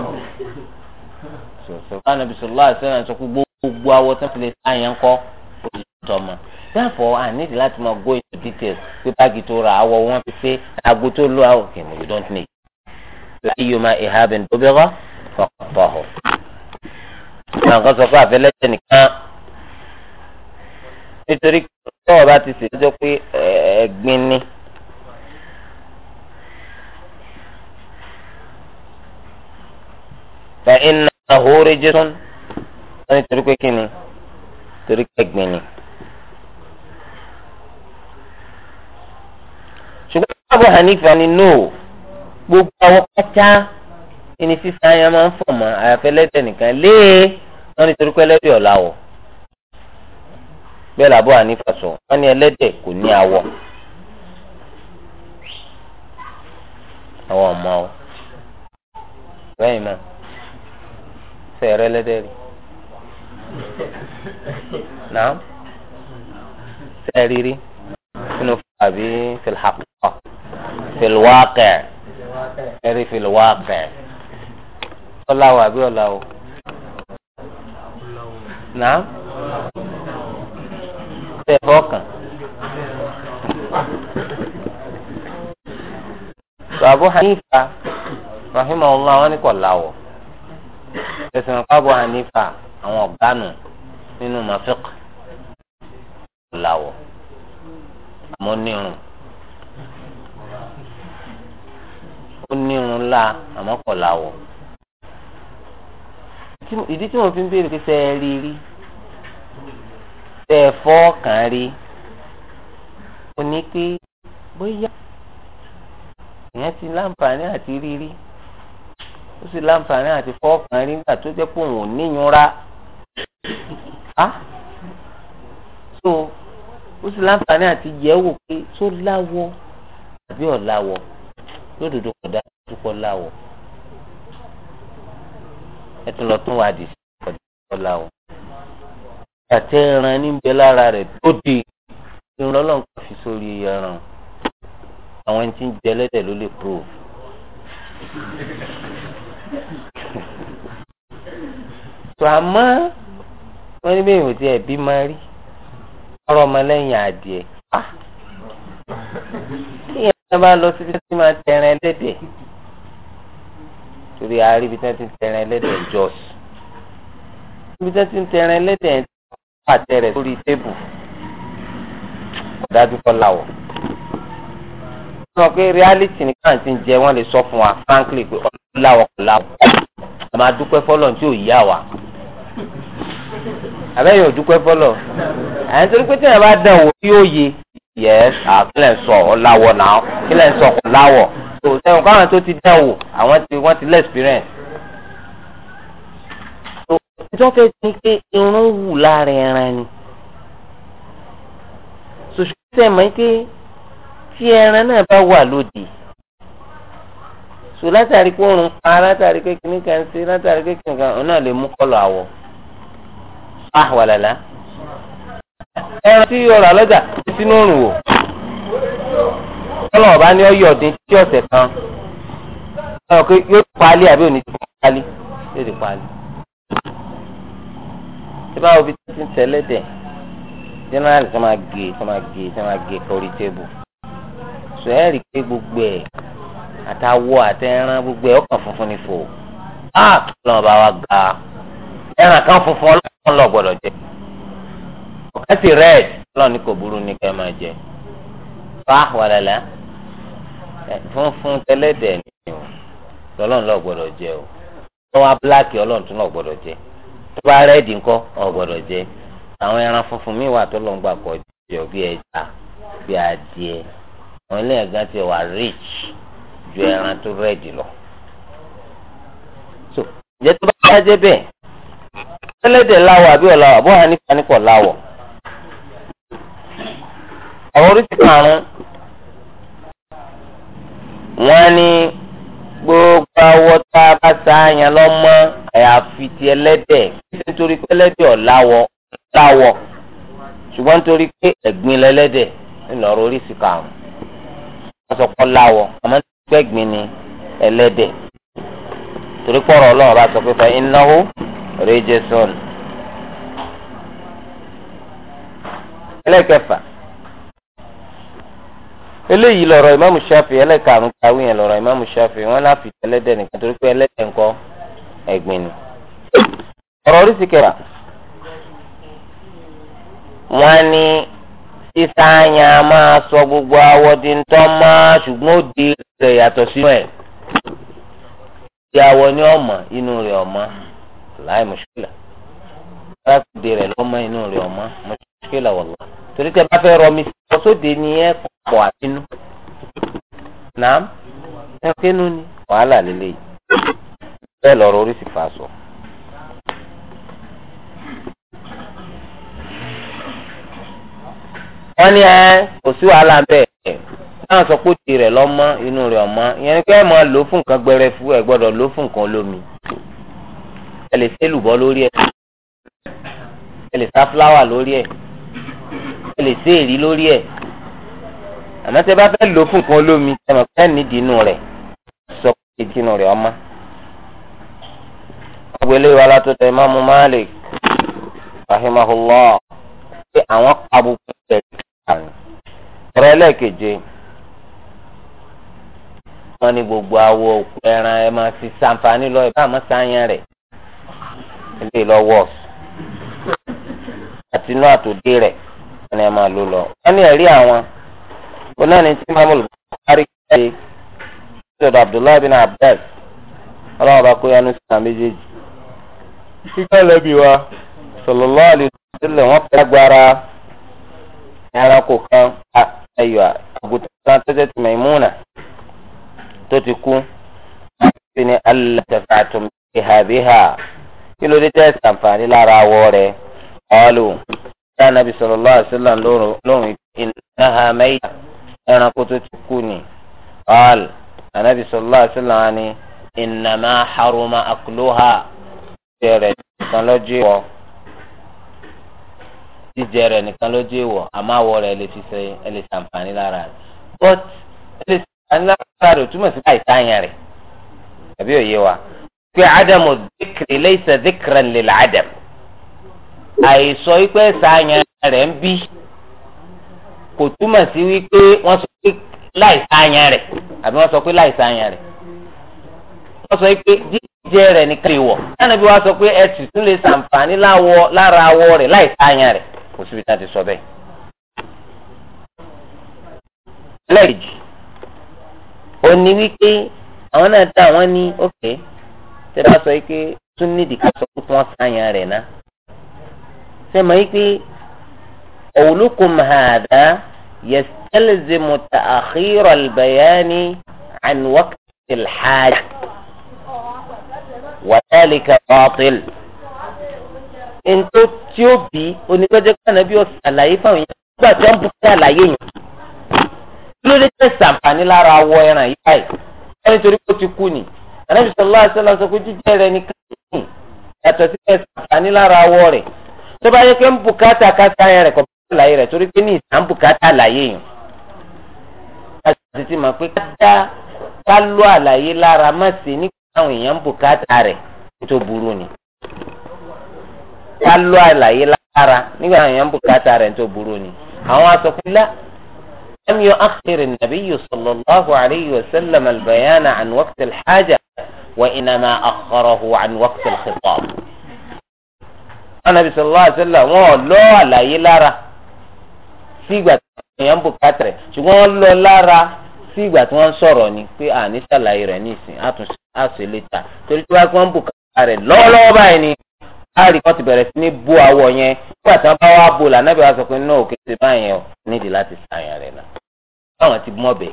sọsọ anabi sọlá àṣẹyàn sọ pé gbogbo awọ tó ń filẹ sáyẹn kọ olùtọmọ therefore i need láti máa go into details pé báàgì tó ra awọ wọn fi pé aago tó lọ àwọn kìnnìún you don't need ayọmọ ìhàbìndóbìrà ọkọtọ ọ. àwọn kan sọ pé àfẹlẹ́jẹ̀ nìkan nítorí tọ́wọ́ bá ti ṣèdájọ́ pé ẹ̀gbin ni. fa iná ahóore jésùn wọ́n ní torí pé kí ni torí pé ẹ̀gbin ni. ṣùgbọ́n Abu Hanifa ni no gbogbo àwọn pátá ẹni sísan ayé máa ń fọ̀ mọ́ àyàfẹ́ lẹ́tẹ̀ nìkan lé wọ́n ní torí pé lẹ́tẹ̀ ọ̀làwọ̀ bẹ́ẹ̀ làbọ̀ ànífàsọ wọn ní ẹlẹ́dẹ̀ kò ní awọ àwọn ọmọ ọ lẹ́yìn náà sẹẹrẹ ẹlẹ́dẹ̀ rí náà sẹẹrí rí sínú àbí filhakọ filwakẹ ẹrí filwakẹ ọláwọ àbí ọláwọ náà tẹ fọkàn. Abu Hanifa rahimahullah wọn ní kò láwọ̀ ẹsìn ọ̀pá Abu Hanifa àwọn ọ̀gánù nínú mafik kò láwọ̀ àmọ́ nírun ó nírun ńlá àmọ́ kò láwọ̀ ìdí tí mo fi ń béèrè pé sẹ́ẹ̀ rí rí tẹ́ ẹ fọ́ọ̀kàn rí o ní pé bóyá ìyẹn ti láǹfààní àti rírí ó sì láǹfààní àti fọ́ọ̀kàn rí nígbà tó jẹ́ pé òun ò níyunra á so ó sì láǹfààní àti yẹ̀ wò pé tó láwọ̀ àbí ọ̀làwọ̀ lódodo kò dáa tó láwọ̀ ẹ tún lọ tún wá sí ọ̀dọ́ àti ẹran níbẹ̀ lára rẹ̀ tó di irun ọlọ́run kò fi sórí ẹran àwọn ẹni tí ń jẹ ẹlẹ́dẹ̀ ló lè pro. tó àmọ́ wọ́n ní bẹ́ẹ̀ òtí ẹ̀bí máa rí ọ̀rọ̀ ọmọlẹ́yìn adìẹ. ìyẹn ah! tí wọ́n bá lọ sí títí máa tẹran ẹlẹ́dẹ̀ torí àárí ibi tí wọ́n ti ń tẹran ẹlẹ́dẹ̀ ibi tí wọ́n ti ń tẹran pàtẹ rẹ̀ sórí tébù kò dájú kọ́ láwọ̀. sọ pé reality ní káàntì ń jẹ wọ́n lè sọ fún wa frankly pé ọ̀rọ̀ láwọ̀ kò a máa dúpẹ́ fọ́lọ̀ tí ò yá wa. àbẹ́yẹ̀ ò dúpẹ́ fọ́lọ̀ àyẹ̀ nítorí pé tíyẹn bá dán wò yóò yé yẹ àkílẹ̀ ń sọ ọ̀làwọ̀ náà kílẹ̀ ń sọ ọ̀làwọ̀ tó sẹ́wọ̀n káwọn tó ti dán wò àwọn tí wọ́n ti lẹ́ tó fẹ́ ni pé irun wù lára ẹran ni sòṣùpẹ́ mọ̀ pé tí ẹran náà bá wà lóde sò látàrí pé òórùn pa látàrí pé kìnnì kan ṣe látàrí pé kìnnì kan òun náà lè mú kọ́lọ̀ àwọ̀ àwàlàlà ah, ẹran tí yóò rà ti sínú òrùn wò kọ́lọ̀ ọ̀bá ni ó yọ̀ dín tí ọ̀sẹ̀ kan ọ̀kẹ́ yóò pali àbí òní ti pali yóò ti pali tí báwo bí tí ń tẹ́lẹ̀ dẹ̀ general sọ máa gé sọ máa gé sọ máa gé kọrí tébù sọ ẹ́ rí i pé gbogbo ẹ̀ àtàwọ̀ àtẹ̀ràn gbogbo ẹ̀ ọkàn funfun ni fò á lọ́wọ́ bá wa ga ẹran kan funfun ọlọ́run lọ gbọ́dọ̀ jẹ ọ̀kẹ́ sì red ọlọ́run ní kò burú ní kẹ́ máa jẹ fa wàlálà funfun tẹ́lẹ̀ dẹ̀ ni ọlọ́run lọ gbọ́dọ̀ jẹ o lọ́wọ́ black ọlọ́run tún lọ gbọ́dọ̀ jẹ. tó bá rẹ́ẹ̀dì ńkọ́ ọ̀gbọ́dọ̀ jẹ àwọn ẹran funfun míì wà tó lọ ń gbà kọ jọ bí ẹja bí adìẹ àwọn ilé ẹ̀gá ti wà rich ju ẹran tó rẹ́ẹ̀dì lọ. so ǹjẹ́ tó bá jẹ́ bẹ́ẹ̀ ẹlẹ́dẹ̀ láwọ̀ àbí ọ̀làwọ̀ àbọ̀ nípa nípa ọ̀làwọ̀. àwọn gbogbo awọ tá a bá sa àyàn àfi ti ẹlẹ́dẹ̀ nítorí pé ẹlẹ́dẹ̀ ọ̀làwọ̀ ọ̀làwọ̀ ṣùgbọ́n nítorí pé ẹ̀gbin lẹ́lẹ́dẹ̀ ńlọrọ oríṣi karùn-ún wọ́n sọ pé ọ̀làwọ̀ àmọ́ nítorí pé ẹ̀gbin ni ẹlẹ́dẹ̀ torí pé ọlọ́run bá sọ pé fa innahu rijsun. ẹlẹ́kẹfà eléyìí lọ̀rọ̀ ìmáàmù Ṣáfì ẹlẹ́karùn-ún yẹn lọ̀rọ̀ ìmáàmù Ṣáfì wọn láfi ẹlẹ́dẹ̀ nìkan torí pé ẹlẹ́dẹ̀ ńkọ́ ẹ̀gbin ni. ọ̀rọ̀ sì kẹwàá wọ́n ní máa sọ gbogbo máa ṣùgbọ́n ó di rẹ̀ yàtọ̀ sínú ẹ̀ awọ ní ọmọ inú rẹ̀ ọmọ láì di rẹ̀ lọ́mọ inú rẹ̀ ọmọ mùṣkílà wọ̀lọ́ torí tẹ bá fẹ́ rọmi ni ẹ pọ̀ àtinú nàám ẹ kẹ́nu ni wàhálà lélẹ́yìí bẹ́ẹ̀ lọ́rọ̀ orí sì fa sọ. wọ́n ní ẹ kò sí wàhálà bẹ́ẹ̀ náà sọ pé òtí rẹ̀ lọ́mọ inú rẹ̀ ọ̀mọ ìyẹn ni pé ẹ máa lò fún nǹkan gbẹrẹfu ẹ gbọ́dọ̀ lò fún nǹkan olómi ẹ lè ṣe lùbọ́ lórí ẹ ẹ lè sá fúláwà lórí ẹ ẹ lè ṣe èrí lórí ẹ àmọ́ tẹ bá fẹ́ lò fún nǹkan olómi ẹ mọ̀ pé nídìí inú rẹ̀ sọ pé inú rẹ̀ ọmọ. ọgbẹ́lé wa látọ̀tọ̀ Imamu Malik rahimahullah pé àwọn pa gbogbo ẹ̀ ọ̀rọ̀ ẹlẹ́ẹ̀keje wọn ni gbogbo awọ ẹran ẹ máa fi lọ ẹ bá àmọ́ sáyẹn rẹ̀ ilé lọ́wọ́ àti inú àtòdé rẹ̀ wọ́n ẹ máa lò lọ. wọ́n ní àwọn onáni tí mamu Bukhari kéde ṣọdọ̀ Abdullahi bin Abbas ọlọ́wọ́ bá kó yanu sí àwọn méjèèjì. lẹ́bi wa wọ́n ẹranko kan ayọ àgùntàn tẹ́tẹ́ ti Maimuna tó ti kú láti ní alẹ́tẹ̀fàtún ìhàbíhà kí ló dé tẹ́ sàǹfààní lára awọ rẹ̀ ọ̀ọ́lù ṣé ànábì sallallahu alaihi wasallam lóhùn ìnáha mẹ́yà ẹranko tó ti kú ni ọ̀ọ́lù ànábì sallallahu alaihi wasallam ni innama haruma akluha ṣe rẹ̀ kan jíjẹ rẹ̀ nìkan ló jẹ́ ìwọ̀ àmọ́ àwọ̀ rẹ̀ lè fi ṣe ẹ lè ṣàǹfààní lára rẹ̀ but ẹ lè ṣàǹfààní lára rẹ̀ túmọ̀ sí káyìí táyà rẹ̀ àbí òye wa pé ádámù dìkìrì laysa dìkìrì lil ádám àìsọ wípé ṣàyàn rẹ̀ ń bí kò túmọ̀ sí wípé wọ́n sọ pé láì ṣàyàn rẹ̀ àbí wọ́n sọ pé láì ṣàyàn rẹ̀ wọ́n sọ pé jíjẹ rẹ̀ nìkan lè wọ̀ lánàá bí wọ́n sọ pé ẹ sì lè ṣàǹfààní lára awọ rẹ̀ láì ṣàyàn rẹ̀ kò síbi tá a ti sọ bẹ́ẹ̀. lẹ́ẹ̀jì ó ní wípé àwọn náà dá àwọn ní òkè tẹ́ bá sọ wípé tún nídìí ká sọ pé kí wọ́n rẹ̀ ná. ṣé mọ̀ wípé òwúlùkùn hàdá yẹ̀sítẹ́lẹ̀zẹ̀mù tààkìrọ̀ bẹ̀yẹ́ni àníwọ́kìtì hàj wàtálìkà bọ́tìlì ntó tí ó bí onígbàjẹ́ kánà bí ọ̀sẹ̀ àlàyé fáwọn èèyàn nígbà tí wọ́n bu sí àlàyé yẹn. kí ló dé tẹ̀ sàǹfààní lára awọ ẹran yìí báyìí wọ́n nítorí kó ti kú ni ànábì sọ̀rọ̀ láti sọ́la sọ pé jíjẹ́ rẹ̀ ní káyọ̀ yàtọ̀ sí tẹ̀ sàǹfààní lára awọ rẹ̀ tó bá yẹ kí ń bùkátà kásá yẹn rẹ̀ kọ̀ bá àlàyé rẹ̀ torí pé ní ìsàn bùkátà àlàyé yẹn. àti ká lọ àlàyé lára má ṣe nígbà táwọn èèyàn bùkátà rẹ̀ tó burú ni ká lọ àlàyé lára nígbà àwọn èèyàn ń bùkátà rẹ̀ tó burú ni àwọn asọ̀kúnlá لم يؤخر النبي صلى الله عليه وسلم البيان عن وقت الحاجة وإنما أخره عن وقت الخطاب النبي صلى الله عليه وسلم wọ́n lọ àlàyé lára sígbà tí wọ́n bùkátà rẹ̀ ṣùgbọ́n wọ́n lọ lára sígbà tí wọ́n sọ̀rọ̀ ni pé àní ṣàlàyé rẹ̀ nísìn àtúnṣe àṣẹ torí tí wọ́n bùkátà rẹ̀ lọ́wọ́lọ́wọ́ báyìí ni àárí kan ti bẹ̀rẹ̀ sí ní bó awọ yẹn nígbà tí wọ́n bá wá bó lànàbẹ̀ wá sọ pé náà òkè ṣe báyẹn o nídìí láti ṣàyàn rẹ̀ náà báwọn ti mọ̀bẹ̀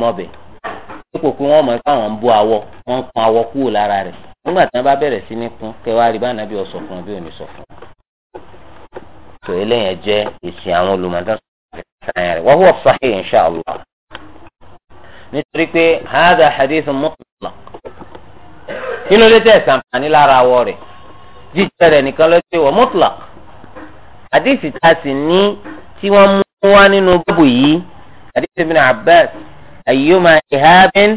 mọ̀bẹ̀ dípò pé wọ́n mọ̀ pé àwọn ń bó awọ wọ́n ń kun awọ kúrò lára rẹ̀ nígbà tí wọ́n bá bẹ̀rẹ̀ sí ní kun kẹwàá rí báyìí náà bí ọ̀sọ̀ fún un bí ò sọ fún un tó inú lé tẹ̀sán àní lára wọ rẹ̀ jíjẹ rẹ̀ nìkan ló ṣe wọ̀ mutlaq àdìsí ta sì ní tí wọ́n mú wá nínú bábù yìí àdìsí ibn Abbas ayyuma ihabin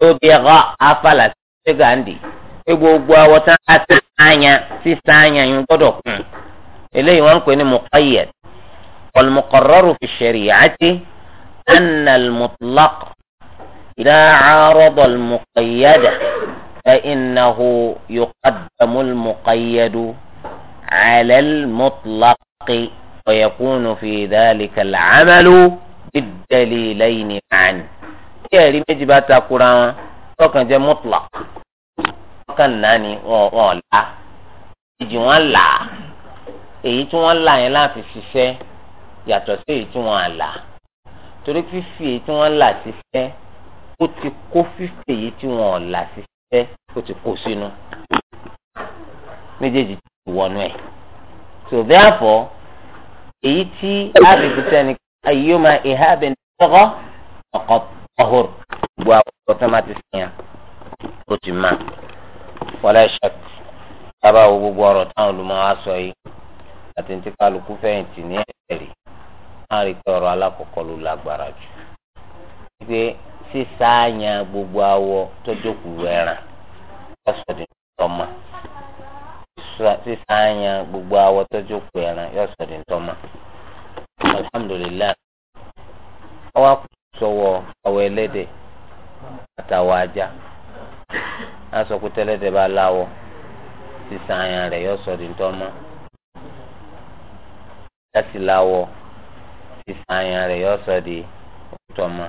obìnrin afala ṣe gàǹdì pé gbogbo awọ tá a ti sáyà sí sáyà yín gbọ́dọ̀ kún eléyìí wọ́n pè ní muqayyad والمقرر في الشريعة أن المطلق إذا عارض المقيد فإنه يقدم المقيد على المطلق ويكون في ذلك العمل بالدليلين معا tí ẹ̀rí méjì bá takora wọn tọkàn jẹ́ mutlaq tọkàn náà ni wọn ò la èjì wọn là á èyí tí wọ́n là yẹn láti ṣiṣẹ́ yàtọ̀ sí èyí tí wọ́n là torí fífi èyí tí wọ́n là ṣiṣẹ́ ó ti kó fífi èyí tí wọ́n là ṣiṣẹ́ fẹ́ kó ti kó sínú méjèèjì ti wọnú ẹ̀ so therefore èyí tí ábìbí sẹ́ni ayé máa ìhá abẹ́ni tọ́kọ́ ọ̀kọ́ ọ̀hún gbogbo àwọn ọ̀tọ́ máa ti sìn yàn ó ti máa wọlé ṣak bàbá wo gbogbo ọ̀rọ̀ táwọn olùmọ̀ á sọ yìí àti ní ti kálukú fẹ̀yìntì ní ẹ̀rí rí pé ọ̀rọ̀ alákọ̀ọ́kọ́ ló lágbára jù sísáàyàn gbogbo awọ tọjọkùrú ẹran yọsọdì ntọmọ sísáàyàn gbogbo awọ tọjọkùrú ẹran yọsọdì ntọmọ alhamdulilayi ọwọ akutọwọ awọ ẹlẹ́dẹ̀ àtàwọ ajá aṣọ kútẹ ẹlẹ́dẹ̀ bá láwọ sísáàyàn rẹ̀ yọsọdì ntọmọ láti láwọ sísáàyàn rẹ̀ yọsọdì ntọmọ.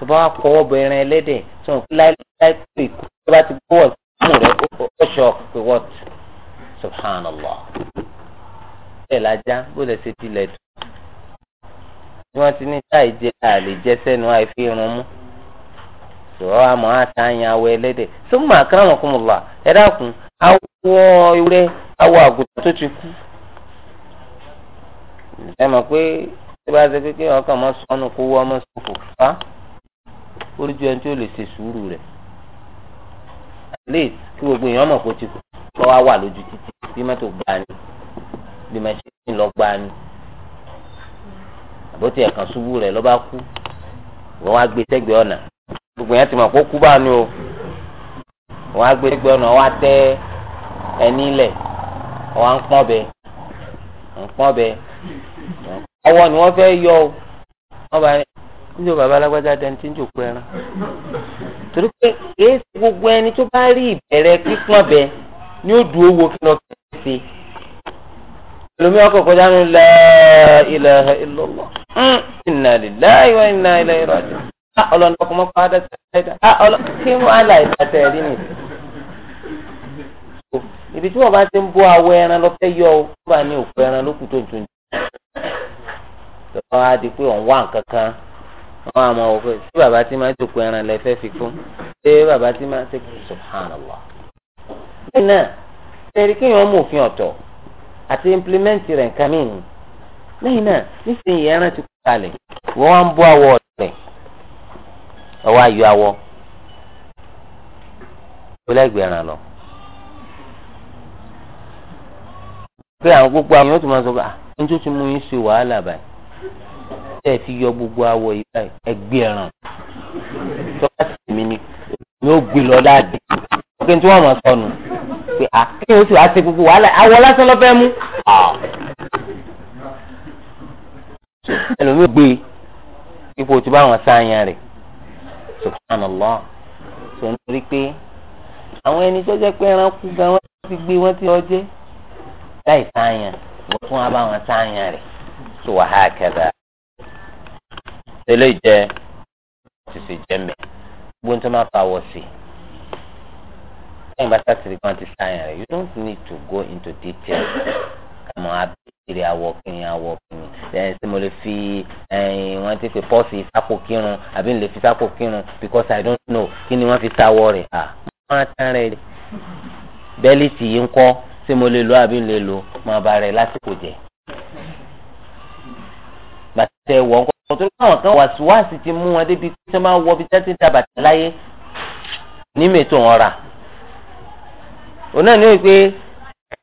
tó bá kọ́wọ́ bọ ẹran ẹlẹ́dẹ̀ tó ń fi láíláí pé kó tó bá ti gbọ́ ọ̀sùn rẹ̀ ó ṣọ pé wọ́t subhanallah bẹ́ẹ̀ lajá bó lè ṣe tilẹ̀ tó tí wọ́n ti ní táì jẹ́ àlè jẹ́ sẹ́nu àìfi irun mú sọ̀rọ̀ àmọ́ àtàyàn awọ ẹlẹ́dẹ̀ tó mú àkàràmọ̀kùnmọ̀lá ẹ dákun awọ ewúrẹ́ awọ àgùntàn tó ti kú ẹ mọ̀ pé tí bá ṣe pé kí ọkàn mọ́ sọnù kó wọ́ ọmọ sọ̀kò fá. orí ju ẹni tí ó lè ṣe sùúrù late kí gbogbo èèyàn mọ̀ kó ti kọ́ wá wà lójú títí bí mọ́tò gbá ni bí machine lọ gbá ni àbótí ẹ̀kan ṣubú rẹ ló bá kú wọ́n wá gbé sẹ́gbẹ̀ẹ́ ọ̀nà gbogbo yẹn ti mọ̀ kó kú bá ni o wọ́n á gbé sẹ́gbẹ̀ẹ́ ọ̀nà wọ́n á tẹ́ ẹni lẹ̀ wọ́n á ń pọ́n bẹ ọwọ́ ni wọ́n fẹ́ yọ o wọ́n bá níjọ bàbá alágbájá dẹni tí ń jòkó ẹran torí pé kìí ṣe gbogbo ẹni tó bá rí ìbẹ̀rẹ̀ pípọ́n bẹ ni ó dùn owó kí lọ kí ẹ ṣe lomi ọkọ̀ kọjá ní la ilaha illallah hmm. inna lillahi wa inna ilaihi raji'un a ah, ọlọ́ni ọkọ̀ mọ́ padà sẹ́dá a ah, ọlọ́ni kí wọ́n á là ìbàtẹ̀ rí nìyí. ibi tí wọ́n bá ti ń bó awọ ẹran lọ́fẹ́ yọ ọ wọ́n bá ní òkú ẹran lókùtò tuntun. lọ́wọ́ á di pé òun wá nǹkan kan. wọn àmọ́ òfin tí bàbá tí máa jòkó ẹran lẹ fẹ́ fi fún ṣé bàbá tí máa ṣe kò subhanallah. bẹ́ẹ̀ náà ṣẹ́rí kéèyàn mú òfin ọ̀tọ̀ àti implimẹ́ǹtì rẹ̀ nǹkan mìíràn lẹ́yìn náà nísìnyí ẹran ti kú kalẹ̀ wọ́n wá ń bọ́ awọ rẹ̀ ọwọ́ ayọ̀ awọ olẹ́gbẹ̀ẹ́ ẹran lọ. pé àwọn gbogbo àwọn yóò tún máa sọ pé ah, à ń tẹ́ ẹ ti yọ gbogbo awọ yìí báyìí ẹgbẹ́ ẹ̀ràn tọ́ka tì mí ni yóò gbé lọ dáadé pé tí wọ́n mọ̀ sọnù pé àkíyè oṣù àti gbogbo wàhálà awọ lásán lọ́fẹ́ mú. ẹlòmíì gbé ipò tí báwọn sáyàn rẹ̀ subhanallah sọ nítorí pé àwọn ẹni tó jẹ́ pé ẹranko gan wọ́n ti gbé wọ́n ti ọjẹ́ láì sáyàn wọ́n tún wá báwọn sáyàn rẹ̀ sọ wàhálà kẹta tẹlẹ jẹ ṣiṣẹ jẹmẹ gbogbo tí máa fa wọ ẹyìn bá sátìrì kan ti sáyẹn rẹ you don't need to go into detail àmọ́ abẹ́rẹ́ awọ kìnìún awọ kìnìún ẹ ṣé mo lè fi ẹyìn wọn ti fi pọ́ọ̀sì sápò kírun àbí lè fi sápò kírun because I don't know kí ni wọ́n fi sáwọ́ rẹ̀ à máa tán rẹ̀ bẹ́lí tì í ń kọ́ ṣé mo lè lo àbí lè lo máa bá rẹ̀ lásìkò jẹ́ bàtẹ wọ ọkọ tó káwọn kan wàsíwàsí ti mú wọn débi tí wọn máa wọ bí tẹ́tí ta bàtà láyé ní mẹ́tò wọn rà òun náà ní wọ́n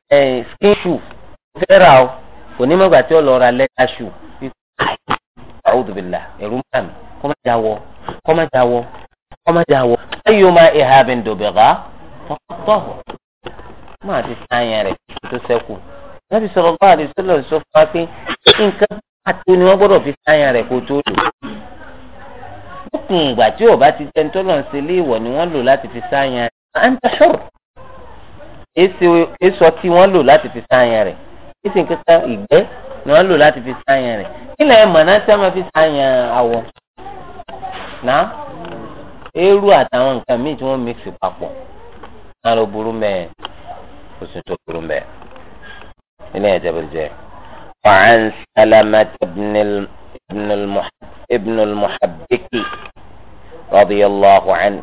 pé skin shoe fẹ́ ra o kò ní mọ̀gbà tí ó lọ ra leather shoe àwùjọbìlà ẹ̀rú máa mi kọ́ má já wọ kọ́ má já wọ kọ́ má já wọ ayò máa ìhà bẹ̀ndọ̀bẹ̀gà tọ́kọ̀tọ̀ máa ti sáyẹn rẹ̀ tó sẹ́kù. Nabi sallallahu alaihi wasallam sọ fún wa pé nǹkan pàtó ni wọ́n gbọ́dọ̀ fi sáyàn rẹ̀ kó tó lò lókun ìgbà tí ò bá ti jẹun tó lọ ṣe léèwọ̀ ni wọ́n lò láti fi sáyàn rẹ̀ à ń tẹ̀sọ̀ èso tí wọ́n lò láti fi sáyàn rẹ̀ èsì kankan ìgbẹ́ ni wọ́n lò láti fi sáyàn rẹ̀ kílẹ̀ mọ̀nà tí wọ́n fi sáyàn awọ náà eérú àtàwọn nǹkan míì tí wọ́n mix papọ̀ náà ló burú mẹ́ẹ̀ kò tó burú mẹ́ẹ̀ ilé ẹ̀jẹ̀ bẹ̀rẹ̀ jẹ́ وعن سلمة بن ابن المحب ابن المحبكي رضي الله عنه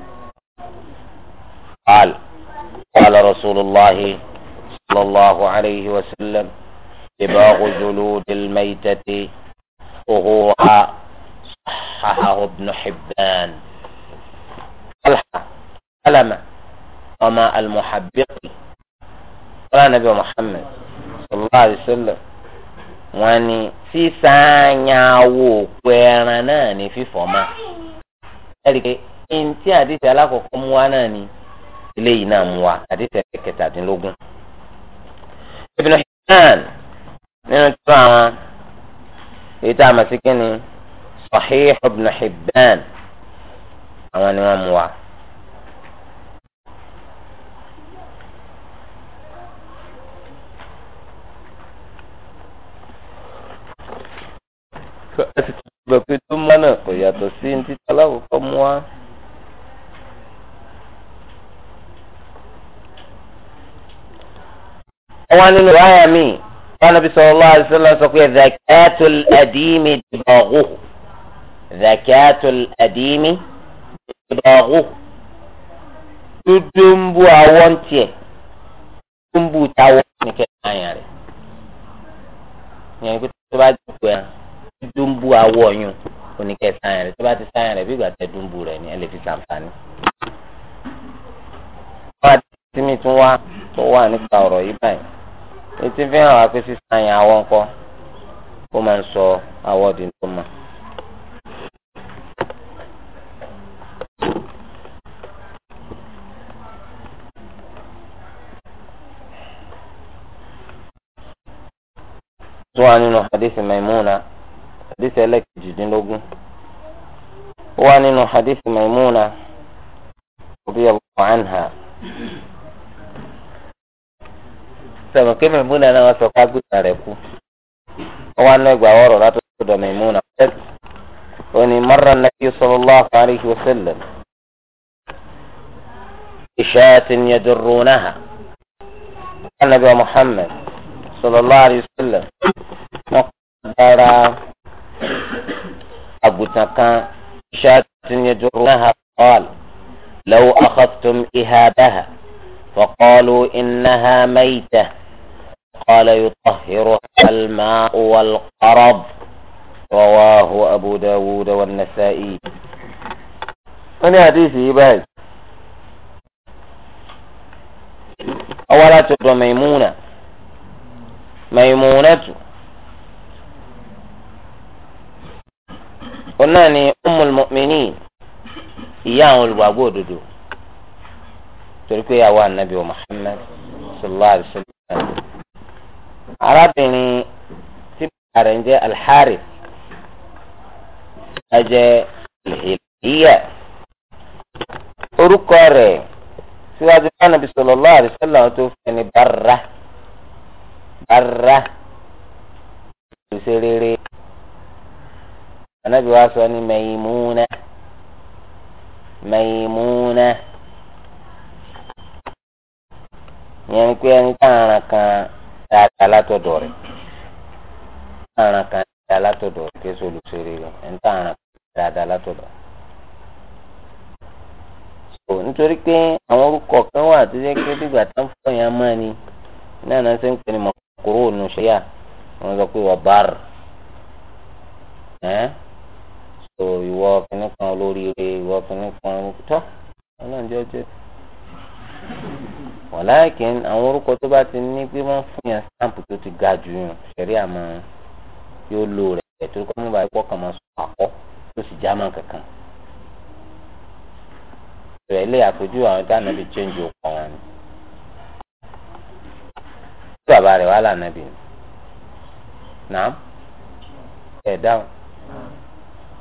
قال قال رسول الله صلى الله عليه وسلم صباغ جلود الميتة ظهورها صححه ابن حبان طلحة سلمة وما المحبق قال النبي محمد صلى الله عليه وسلم wọ́n ní sísáyàwó òpó ẹran náà ní fífọ́ ma ẹ̀rí pé ẹni tí àdìsí wa náà ni eléyìí náà mú wa àdìsí kẹtàdínlógún. Ibn Hibban nínú tí wọ́n àwọn èyí tá a mọ̀ sí kí ni Sahih Ibn Hibban àwọn ni wọ́n mú wa. ẹ sì tún gbọ́ pé tó mọ́nà kò yàtọ̀ sí ní títí alákọ̀ọ́kọ́ mú wá. wọ́n nínú ráyà mi Ànábì sallallahu alaihi wasallam sọ pé zakatul adimi dìbọ̀gù zakatul adimi dìbọ̀gù dúdú ń bu àwọn tiẹ̀ dúdú ń bu tàwọn nìkẹ́ náà yàrá yẹn pé tó bá dùn pé dúnbú awọ ọyún oníkẹ́ sáyẹn rẹ̀ tó bá ti sáyẹn rẹ̀ bí ìgbà tẹ dúnbú rẹ̀ ni ẹ lè fi sàǹfààní. wọ́n ti tí mi tún wá tó wà nípa ọ̀rọ̀ yìí báyìí etí fi hàn wá pé sísáyẹn awọ ńkọ́ ó máa ń sọ awọ di tó mọ́. سواء من حديث ميمونه hadith ẹlẹ́kejìdínlógún ó wà nínú hadith maimuna radiyallahu anha sọ̀rọ̀ pé maimuna náà sọ ká gbèsè rẹ̀ kú ó wà nínú ẹgbàá ọ̀rọ̀ látọ̀dọ̀ maimuna ó ní marra nabi sallallahu alayhi wa sallam ishaatin yadurrunaha anabi muhammad sallallahu alayhi wa sallam wọn kọ́ dára. àgùntàn kan ṣáàtún yajurrunaha qala law akhadhtum ihadaha faqalu innaha maytah qala yutahhiruha al-ma'u wal-qarad rawahu abu dawud wan-nasa'i. wọ́n ní àdéhìí yìí báyìí. ọwọ́ láti ọ̀dọ̀ Maimuna Maimunatu. òun náà ni ummul mu'minin ìyá àwọn olùwàgbọ́ òdodo torí pé àwa ànábì Muhammad sallallahu alayhi wa sallam arábìnrin tí bàbá rẹ̀ ń jẹ́ alḥarith ẹ̀jẹ̀ ìhìlíyà orúkọ rẹ̀ síwájú ànábì sallallahu alayhi wa sallam tó fẹ́ ni barra ìṣe rere anabi wa sọ ni mẹ̀yìmúnà mẹ̀yìmúnà yẹn pé ẹni tá àràn kan dáadáa látọ̀dọ̀ rẹ̀ àràn kan dáadáa látọ̀dọ̀ rẹ̀ kí olùsèré rẹ̀ ẹni tá àràn kan dáadáa látọ̀dọ̀ rẹ̀. so nítorí pé àwọn orúkọ kan wà tó jẹ́ pé bí gbàtà ń fọ yẹn mọ́ ni náà náà ṣe ń pè ní mọ̀kúrò nù ṣẹ́yà wọ́n sọ pé wọ́n bá rẹ̀ ẹ́ tó ìwọ kìnnì kan olóríire ìwọ kìnnì kan tọ́ ọlọ́njọ́ jẹ́ wàláàkín àwọn orúkọ tó bá ti ní pé wọ́n fún yàn stamp tó ti ga jù yàn ṣẹ̀rí àmọ́ yóò lò rẹ̀ torí kọ́ mú bàá pọ̀ kàn máa sọ àkọ́ tó sì já mọ́ kankan rẹ̀ ilé àpèjú àwọn dáná bíi change ọkọ̀ wọn ni tí bàbá rẹ̀ wà lànà bíi nàá ẹ̀ dáhùn.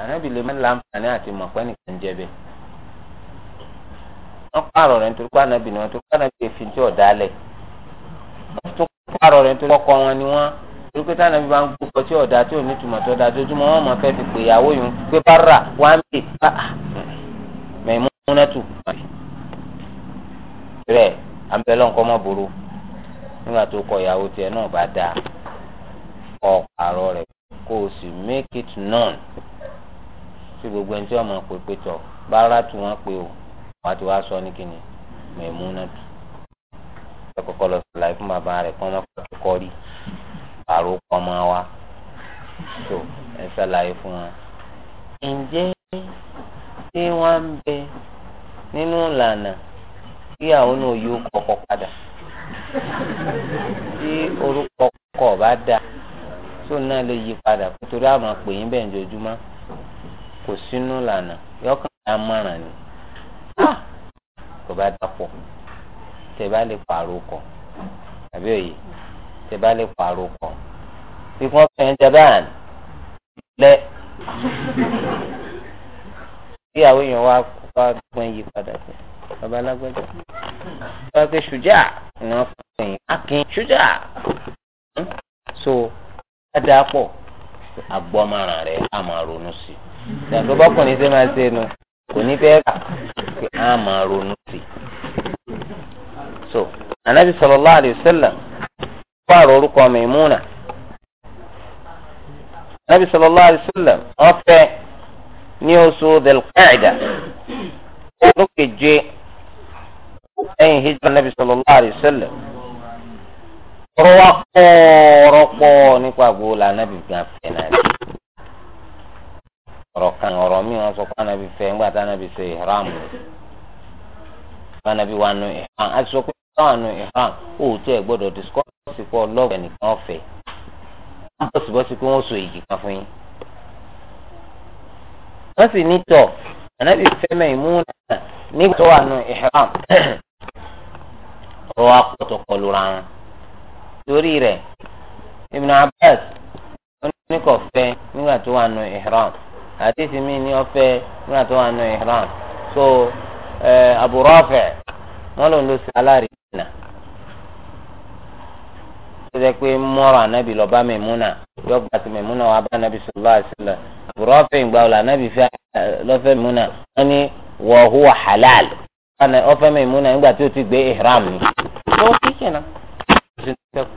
ànábì lè má láǹfààní àti mọ̀ pé nìkan jẹ bẹ́ẹ̀ wọ́n pààrọ̀ rẹ̀ nítorí pé ànábì ni wọ́n tó pé ànábì èfi tí ọ̀dà alẹ̀ wọ́n tó pààrọ̀ rẹ̀ nítorí ọkọ wọn ni wọ́n torí pé tànàbí bá ń gbókọ tí ọ̀dà tí ò ní tùmọ̀ tó dáa dojúmọ́ wọn mọ̀ fẹ́ fi pè ìyàwó yìí pé bára wàá mè bá mẹ̀múnátù rẹ̀ àbẹ̀lọ́ nǹkan mọ̀ burú nígbà tó kọ ìyàwó tiẹ̀ náà bá dáa kọ pààrọ̀ rẹ̀ kó o sì make it known sí gbogbo ẹni tí wọn mọ pé pé tọ bára tí wọn pé o wọn ti wá sọ ní kíni Mẹ̀múnà tù ẹ kọ́kọ́ lọ sí láì fún bàbá rẹ kí wọn má fọwọ́ kọ́ rí àrò pọmọ wa tó ẹ ṣàlàyé fún wọn. ǹjẹ́ tí wọ́n ń bẹ nínú ìlànà kí àwọn náà yóò kọ́kọ́ padà tí orúkọ kọ̀ bá dáa tó náà lè yí padà nítorí àwọn àpèyìn bẹ́ẹ̀ ń jojúmọ́ kò sínú lànà yọkàn dá mọ̀ràn ni ah! kò bá dàpọ̀ tẹ bá lè pààrọ̀ kọ̀ àbí òye tẹ bá lè pààrọ̀ kọ̀ bí wọ́n fẹ́ ń jaban lẹ́ kí àwọn èèyàn wá kọ́ gbọ́n yí padà sí baba alágbẹ́jọ́ wọ́n pe ni wọ́n fẹ́ yín akin ṣùjà hmm? so bá dàpọ̀ agbọ́mọ̀ràn rẹ̀ á máa ronú sí i ṣàtúntò bọ́kùnrin ṣe máa ṣe nu kò ní fẹ́ kà pé á máa ronú sí so anabi sallallahu alayhi wa sallam kó àrò orúkọ Maimuna anabi sallallahu alayhi wa sallam wọ́n fẹ́ ní oṣù delqaida lókè jẹ́ lẹ́yìn hijra anabi sallallahu alayhi wa sallam. ọ̀rọ̀ wa nípa gbogbo lànàbì gan fẹ́ náà kan ọrọ mi wọ́n sọ pé ànàbì fẹ́ ńgbà tànàbì ṣe ìhàmù ànàbì wà nù ìhàn àti wà nù ìhàn òótọ́ ẹnìkan èyí kan fún yín sì ní nígbà tó wà nù torí rẹ̀ Ibn Abbas onye fẹ́ nígbà tó wà nù ihram àdìsí mi ní ọ̀fẹ́ nígbà tó wà nù ihram so Abu wọn lòun ló ṣe alárìnà tó jẹ́ pé mọ́rọ̀ ànábì lọ́ba Maimuna yọ gba ti wà bá ànábì sallallahu alaihi wasallam ìgbà wọlé Maimuna wọn ni wa halal ọfẹ́ Maimuna nígbà tí ti gbé ihram ni. ṣe tẹ́kù.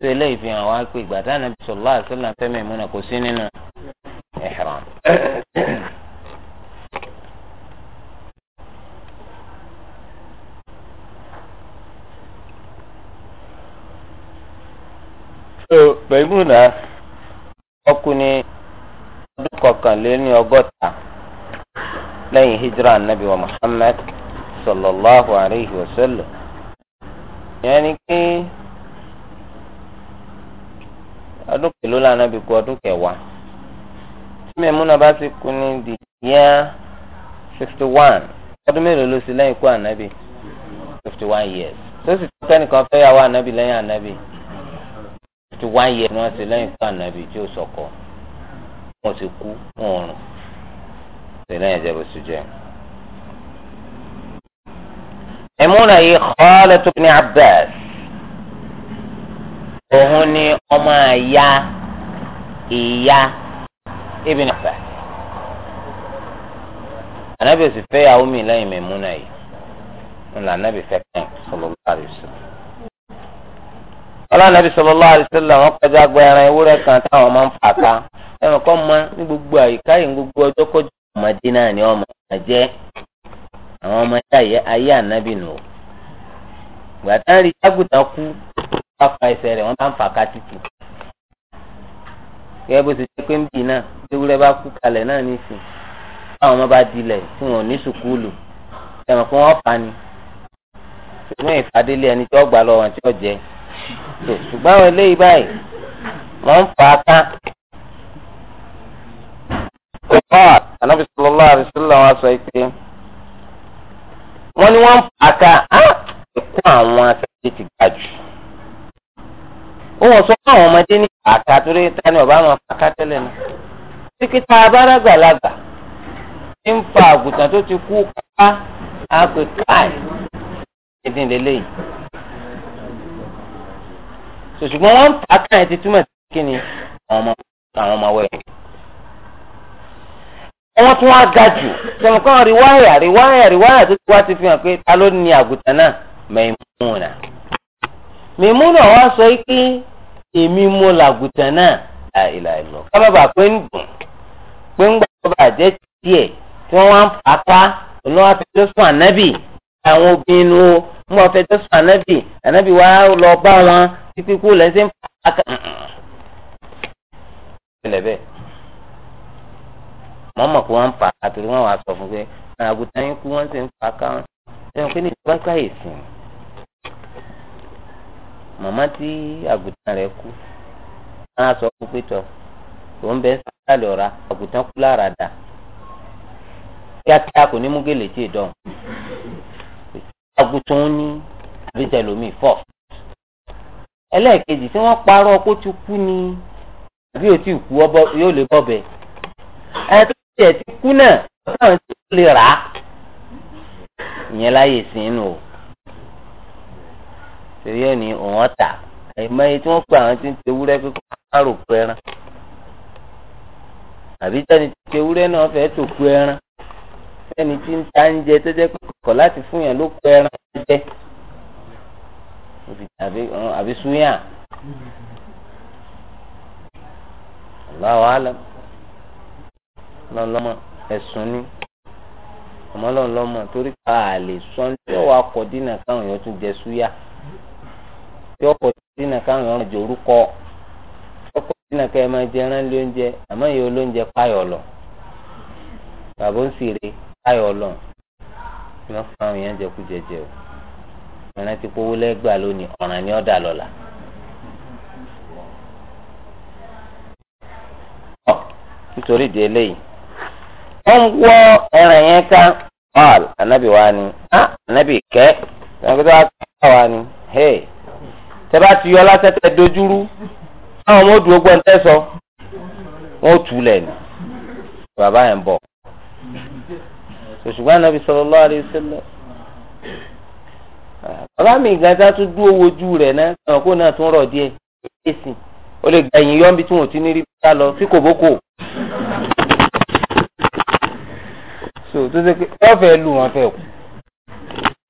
ṣé eléyìí fi hàn wá pé ìgbà tá ànábì sallallahu alaihi wasallam fẹ́ Maimuna kò sí nínú ihram. Maimuna ọkùnrin ọdún kọkànléní ọgọ́ta lẹ́yìn hijra anabi wa Muhammad sallallahu alayhi wa sallam ìyẹn ni pé ọdún kìló lànà bí kú ọdún kẹwàá tí mẹ́múnà bá ti kú ní the year sixty one ọdún mélòó ló sì lẹ́yìn ikú ànábì fifty one years tó sì tún kẹ́nìkan fẹ́ yàwó ànábì lẹ́yìn ànábì fifty one years ni wọ́n sì lẹ́yìn ikú ànábì tí ó sọ̀kọ̀ wọ́n sì kú wọn ò rùn sí lẹ́yìn ìjẹ́bù sí jẹun. ẹ̀múnà yìí Khalatu ibn Abbas òun ni ọmọ ma ìyá ibn Abbas anabi sì fẹ́ yàwó mi lẹ́yìn mẹ́múnà yìí ńlá anabi fẹ́ kàn sallallahu alaihi wasallam ọlọ́run nàbí sallallahu ala wọn kọjá agba ẹran kan táwọn máa ń fà ká mọ ní gbogbo àyíká gbogbo kọjú ọmọdé náà ni ọmọ àwọn ọmọ ayé ayé ànábì nù gbàtà rí jágùtàn kú wọn fa ẹsẹ̀ rẹ̀ wọn bá ń fa ká títì gẹ́gẹ́ bó ti jẹ́ pé ń bì náà ewúrẹ́ bá kú kalẹ̀ náà nísìn báwọn ọmọ bá dilẹ̀ tí wọn ò ní sùkúlù ẹ̀wọ̀n pé wọ́n pa ni ṣùgbọ́n ìfàdélé ẹni tí wọ́n gbà lọ́wọ́ tí wọ́n jẹ ṣùgbọ́n àwọn eléyìí báyìí wọ́n ń fa ká. ọ̀pọ̀ ànábìsọ̀lọ́lá àdìsílẹ̀ wọn sọ wọ́n ní wọ́n ń pàtà ẹ̀kọ́ àwọn akẹ́kọ̀ọ́ ti ga jù. ó wọ́n sọ fún àwọn ọmọdé ní pàtà torí ta ni ọba àwọn pàtà tẹ́lẹ̀ náà. tíkítà abárágbàlagbà ti ń fa àgùntàn tó ti kú ká àpè káì ẹ̀dín lélẹ́yìn. ṣùgbọ́n wọ́n ń pàtà ẹ̀ ti túmọ̀ sí kí ni àwọn ọmọ wẹ̀yìn wọ́n tún wá ga jù sọ̀rọ̀ kan rìwáyà rìwáyà rìwáyà tó ti wá ti fi hàn pé ta ló ní àgùntàn náà Maimuna Maimuna wá sọ pé èmi mo làgùntàn náà àìlà ìlọ kábàbà pé ń dùn pé ń gbàgbọ́ bàjẹ́ tiẹ̀ tí wọ́n wá ń pàápàá olówó afẹ́jọ́ sùn ànábì àwọn obìnrin nu o ń bọ̀ afẹ́jọ́ sùn ànábì ànábì wá lọ bá wọn títí kú lẹ́sìn pàápàá mọ́ mọ̀ pé wọ́n ń fà á torí wọ́n wàá sọ fún pé àgùntàn yín kú wọ́n sì ń fà á káwọn sẹ́wọ̀n pé ní ìjọba káyè sìn màmá tí àgùntàn rẹ̀ kú wọ́n á sọ fún pé tọ̀ òun bẹ́ẹ̀ sálẹ̀ ọ̀ra àgùntàn kú lára dà kíákíá kò ní mú gèlè tí ì dọ̀hún àgùntàn ní àbíṣẹ́ lómi fọ́ ẹlẹ́ẹ̀kejì tí wọ́n parọ́ kó ti kú ni àbí ò tí ì kú yóò lè bọ́ bẹ́ẹ̀ tiẹ̀ ti kú náà ọlọ́run ti lè rà á ìyẹn láyè sí inú o torí ẹ̀ ní òun ọ̀tà àìmọ́ iye tí wọ́n pe àwọn tí ń tewúrẹ́ pé kó má rò pé ẹran àbí tẹ́ni tí tewúrẹ́ náà fẹ́ tó pé ẹran tẹ́ni tí ń ta ń jẹ tó kọ̀ láti fún yàn ló pé ẹran jẹ́ àbí súyàn. Allahu alam lọ́lọ́mọ ẹ̀sùn ni àmọ́ lọ́lọ́mọ torí ká a lè sọ ní yóò wá kọ dínà káwọn èèyàn tún jẹ súyà yóò kọ dínà káwọn èèyàn jẹ orúkọ yóò kọ dínà káwọn èèyàn jẹ ẹran lóúnjẹ àmọ́ ìyẹn olóúnjẹ páyọ̀ lọ bàbá ń sèré páyọ̀ lọ ni wọ́n fún jẹ kú jẹjẹ o ìran ti kówó lẹ́gbàá lónìí ọ̀ràn ni ó dà lọ́la. nítorí ìdí eléyìí ó ń wọ́ ẹran yẹn ká paul anabi wa ni ah anabi kẹ́ ẹnìkútọ́ akáwá wa ni hey tẹ bá ti yọ lásán tẹ dojúrú àwọn ọmọ òdùn ogbọ́n tẹ sọ wọn ò tù lẹ̀ ni bàbá yẹn bọ̀ ṣùgbọ́n anabi sallallahu alaihi wasallam bàbá mi gàdá tún dúró wojú rẹ̀ náà kàn kó náà tún rọ̀ díẹ̀ èsì ó lè gbẹ̀yìn yọ́nbi tí wọ́n ti ní rí bá lọ sí kòbókò. so tó ṣe pé wọ́n fẹ́ lù wọ́n fẹ́ kú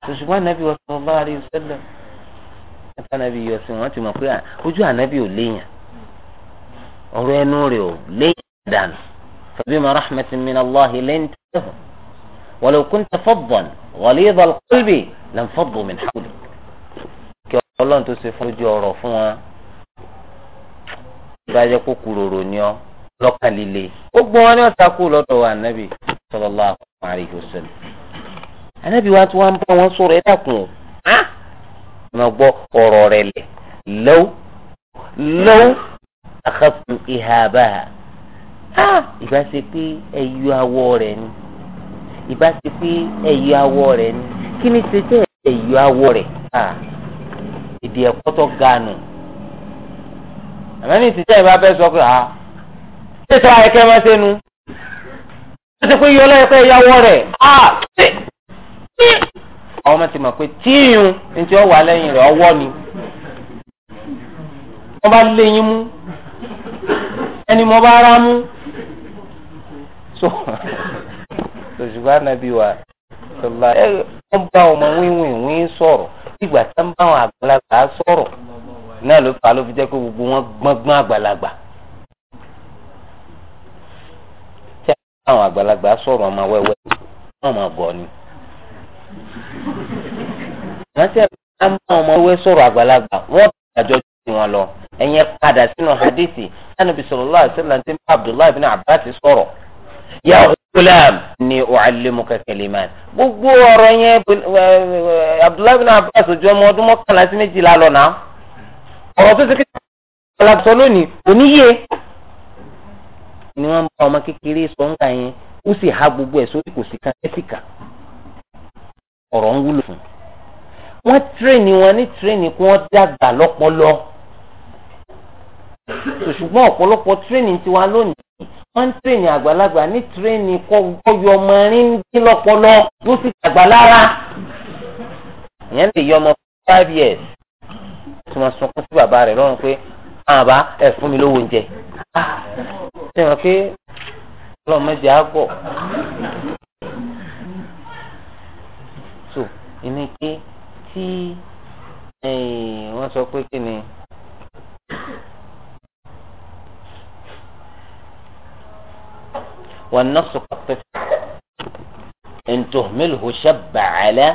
ṣùṣùgbọ́n ànábì wọ́n sọ bá rí sẹ́lẹ̀ nípa ànábì yọ sí wọ́n ti mọ̀ pé ojú ànábì ò léèyàn ọ̀rọ̀ ẹnu rẹ̀ ò léèyàn dànù fabima rahmatin min allahi lẹ́ńtẹ́ lẹ́hùn walaw kunta faddan ghalidha alqalbi lanfaddu min hawlik kí ọlọ́run tó ṣe fún ojú ọ̀rọ̀ fún wọn ìbájẹ́ kó kúròrò ní ọ lọ́kàn ó gbọ́n wọn ní ọ̀tá kú wa ànábì sallallahu alayhi wa sallam anabi wa tí wọn bá wọn sọ̀rọ̀ ẹ dàkún o ha ọmọ gbọ́ ọ̀rọ̀ rẹ̀ lẹ lọw lọw akhafu ihabaha ha ìbá ṣe pé ẹyọ awọ rẹ̀ ni ìbá ṣe pé ẹyọ awọ rẹ̀ ni kí ni ṣe jẹ ẹyọ awọ rẹ̀ ha èdè ẹ̀kọ́ tó ga nù àmọ́ ní ìsìnjẹ́ ìbá fẹ́ sọ pé ha ṣé sọ ayẹkẹ́ máa ṣe nu láti pé yọ lọ́yẹ̀ pé ìyàwó rẹ̀ á ah, ah, tí tí àwọn ọmọ ti mọ̀ pé tíyùn ní tí ó wà lẹ́yìn rẹ̀ ọwọ́ ni wọ́n bá léyìn mú ẹni mo bá rá mú so ṣùgbọ́n ànábì wa sọlá ẹ wọ́n bá ọmọ wíwìnwín sọ̀rọ̀ ìgbà tí wọ́n bá àwọn àgbàlagbà sọ̀rọ̀ náà ló fà á ló fi jẹ́ pé gbogbo wọn gbọ́ngbọ́n àgbàlagbà. àwọn àgbàlagbà sọ̀rọ̀ ọmọ wẹ́wẹ́ wọ́n máa gọ̀ ni. rántí àgbà máa ọmọ wẹ́wẹ́ sọ̀rọ̀ àgbàlagbà wọ́n àjọ tí wọ́n lọ ẹ̀yẹn padà sínú hadithi Ànábì sallallahu alaihi wasallam tí Abdullahi ibn Abbas sọ̀rọ̀ yà gulam ni u'allimuka kalimat gbogbo ọ̀rọ̀ yẹn Abdullahi ibn Abbas ojú ọmọ ọdún mọ́kànlá sí méjìlá lọ náà ọ̀rọ̀ tó ti kí ni wọ́n ń bá ọmọ kékeré sọ ń kà yẹn ó sì há gbogbo ẹ̀ sórí kò sí kan ẹ́sìkà ọ̀rọ̀ ń wúlò fún un. wọ́n tírèènì wọn ní tírèènì kí wọ́n dàgbà lọ́pọlọ ṣùgbọ́n ọ̀pọ̀lọpọ̀ tírèènì tiwa lónìí wọ́n ń àgbàlagbà ní tírèènì kọ́yọ ọmọ rínrín lọ́pọlọ yóò sì dàgbà lára ìyẹn lè yọ ọmọ five years tí wọ́n sunkún sí bàbá rẹ̀ lọ́rùn pé àbá ẹ fún mi lówó oúnjẹ ah, ṣe wọn pé ọlọ́run mẹ́jẹ á gbọ́ so ìní pé tí wọ́n sọ pé kí ni. والنص قد إن تهمله شب على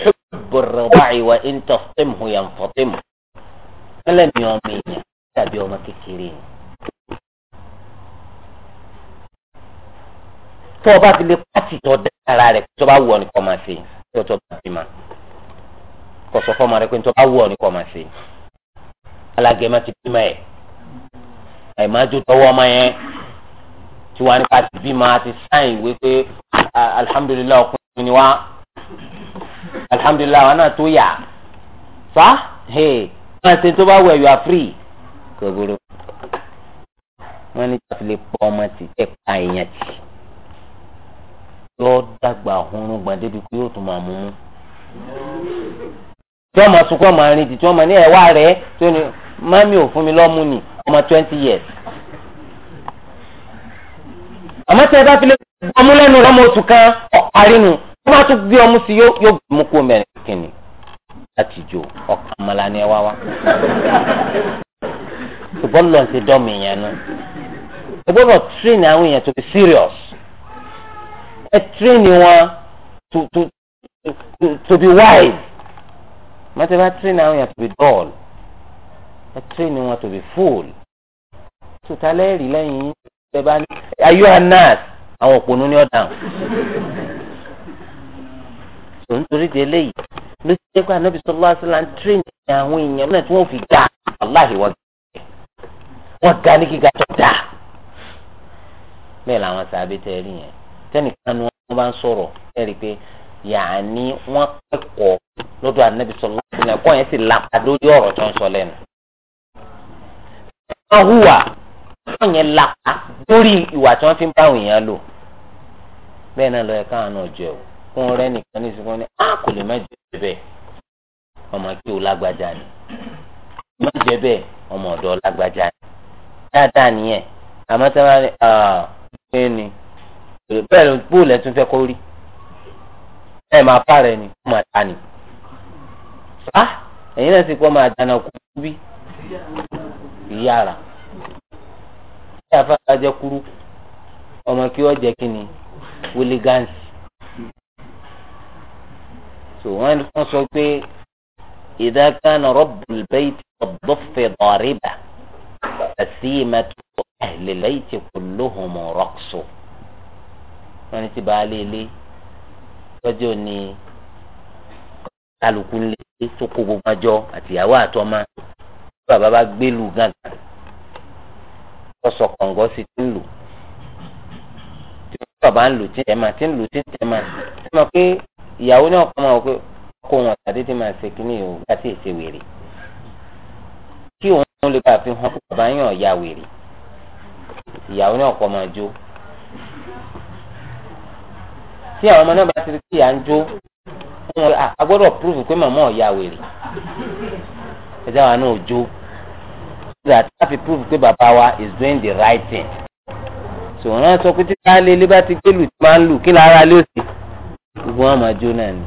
حب الرضاع وإن تفطمه ينفطمه فلم يومين dàbí ọmọ kékeré ni. tó o bá fi lè pàtì tó dára rẹ tó bá wù ọ ní kọ́ máa ṣe tó tó bá fi kò sọ fọmọ rẹ pé tó bá wù ọ ní kọ́ máa ṣe alágẹ má ti bímọ ẹ àìmájú tọwọ́ ọmọ yẹn tí wàá nípa ti bímọ àti sáìn ìwé pé alihamudulilayi ọkùnrin ni wá alihamudulilayi wọn náà tó yà fa hey máa ṣe tó bá wù ẹ you are free kòbóró wọn ní tí a fi lè pọ ọmọ tì tẹ pa èèyàn tì yóò dàgbà ọhúnrún gbọn débi pé yóò tún máa mú un tí wọn máa sunkún ọmọ arìnrìn tí wọn máa ní ẹwà rẹ tí wọn ní mami ò fún mi lọ́mú ni ọmọ twenty years àmọ́ tí ẹ bá fi lè ọmú lẹ́nu lọ́mọ oṣù kan ọ̀parinu wọ́n bá tún gbé ọmú sí yóò mú kó mẹ́rin kìnnì láti jò ọ̀kan mọ́lá ni ẹ wá wá bọ́ọ̀lù ti dọ́mù èèyàn nu ẹ gbọ́dọ̀ train àwọn èèyàn to be serious ẹ train wọn to to to to be wise mọ́tẹ́ bá train àwọn èèyàn to be dull ẹ train wọn to be full tó ta lẹ́rìí lẹ́yìn ẹ bá ní ayé anas àwọn òpònú ni ọ̀dà tó ń torí de eléyìí ló ti jẹ́ pé anabi sọ́lá ṣe là ń train àwọn èèyàn lọ́nà tí wọ́n fi dá aláhìwọ́gbẹ́ wọ́n ga ní gíga tó dáa bẹ́ẹ̀ làwọn sábẹ́ tẹ́ yẹn tẹ́nìkan ni wọ́n bá ń sọ̀rọ̀ ẹ̀ rí i pé yàní wọ́n kẹ́kọ̀ọ́ lọ́dọ̀ ànábì sọ̀rọ̀ ìlànà ẹ̀kọ́ yẹn sì lápá lórí ọ̀rọ̀ tó ń sọ lẹ́nu. wọ́n hùwà wọ́n yẹn lápá lórí ìwà tí wọ́n fi ń bá àwọn èèyàn lò bẹ́ẹ̀ náà lọ ẹ̀ka àánú ọ̀jẹ̀ o fún rẹ nìkan ní ìsìnkú ni a kò lè má jẹ bẹ́ẹ̀ ọmọ kí o lágbájá ni má jẹ bẹ́ẹ̀ ọmọ ọ̀dọ́ lágbájá ni dáadáa nìyẹn àmọ́ tí wọ́n ní ní bẹ́ẹ̀ ló bóòlù ẹ̀ tún fẹ́ kó rí ẹ̀ máa fà rẹ̀ ni kó máa ta ni fa ẹ̀yin náà sì kó máa dáná kú bí ìyára tí àfáà jẹ́ kúrú ọmọ kí wọ́n jẹ́ kí ni wílígánsì so wọ́n sọ pé ìdákanà rọ́bùlbẹ́ẹ̀tì ọ̀dọ́fẹ̀ dọ̀rẹ́bà àsìmẹ́tò ẹ̀lẹ́lẹ́ ìtì kulluhum raqsu wọ́n ní ti baálé ilé tọ́jú ni kálukú lé tó kó gbogbo àjọ àtìyàwó àtọ́mọ tí bàbá bá gbélú gàgà sọ kọ̀ǹgọ́ sí ti ń lò tí bàbá ń lò tí tẹ̀ máa tí ń lò tí tẹ̀ máa tí máa pé ìyàwó náà kọ́ máa wọ pé kó wọn tàdé tí máa ṣe kínní ìhòòhò àti èsè wèrè kí òun lè bá fi hàn kó bàbá yàn ya wèrè ìyàwó náà kọ́ máa jó tí àwọn ọmọ náà bá ti rí kí ìyá ń jó wọn a gbọ́dọ̀ púrúfù pé màmá ọ̀ ya wèrè ẹ̀dá wa náà jó that a fi púrúfù pé bàbá wa is doing the right thing so wọn sọ pé títà lé ilé bá ti gbé lù tí máa ń lù kí lára lé òsì gbogbo wọn máa jó náà ni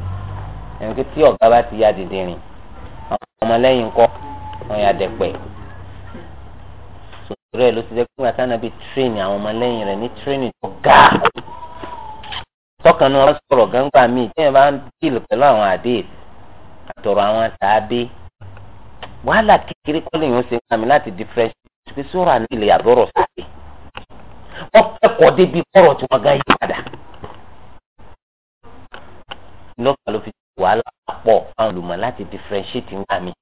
ẹni pé tí ọ̀gá bá ti ya dìndìnrín àwọn ọmọlẹ́yìn kọ́ wọn yà dẹ̀pẹ̀ sòrò ẹ̀ ló ti jẹ́ pé wọn àtànà bíi tírénì àwọn ọmọlẹ́yìn rẹ̀ ní tírénì tó ga tọkànnú wọn sọ̀rọ̀ gángbà míì tí wọn bá ń dìlù pẹ̀lú àwọn àdéhì àtọ̀rọ̀ àwọn tàbí wàhálà kékeré kọ́ lè yàn ṣe ń kàmí láti difference pé sóra ní ilẹ̀ àbọ̀rọ̀ sáré wọ́n kẹ́kọ̀ọ́ débi kọ́rọ̀ tí wọ́n gan yí padà lọ́kàá ló fi wàhálà pọ̀ àwọn olùmọ̀ láti differentiate ń kàmí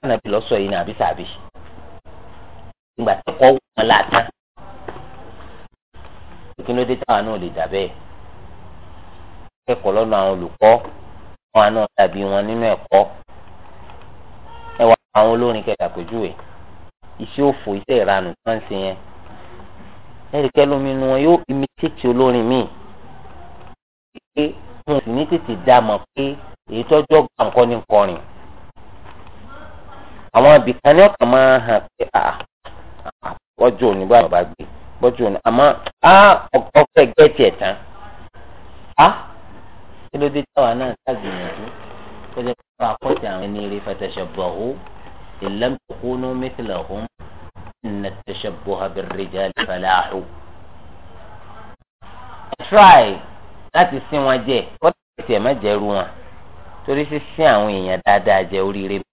sànàbí lọ sọ yìí ní àbí sàbí ìgbà tí kò wọn láàtàn kí ló dé táwọn náà lè dà bẹ́ẹ̀ kẹ́kọ̀ọ́ lọ́nà àwọn olùkọ́ wọn náà dàbí wọn nínú ẹ̀kọ́ ẹ wá àwọn olórin kẹta pèjúwe iṣẹ́ òfò iṣẹ́ ìranù tí wọ́n ń ṣe yẹn ẹ̀ríkẹ́ lómi nu wọn yóò imitate olórin míì pé wọn sì ní tètè dá mọ̀ pé èyí tọ́jọ́ gbà ńkọ́ ní kọrin àwọn abìkan ní ọkàn máa hàn pé bọ́jú òní bá bàbá gbé bọ́jú òní àmọ́ á ọ̀fẹ́ gẹ́ẹ̀tì ẹ̀ tán á kí ló dé táwa náà ṣàgbìyànjú kó jẹ́ pé àkọ́tì àwọn ẹni rí fatashabbahu illam takunu mithlahum inna at-tashabbuha bir-rijali falahu. try láti sin wọn jẹ kó tẹ̀ má jẹ́rú wọn torí sísìn àwọn èèyàn dáadáa jẹ́ oríire bá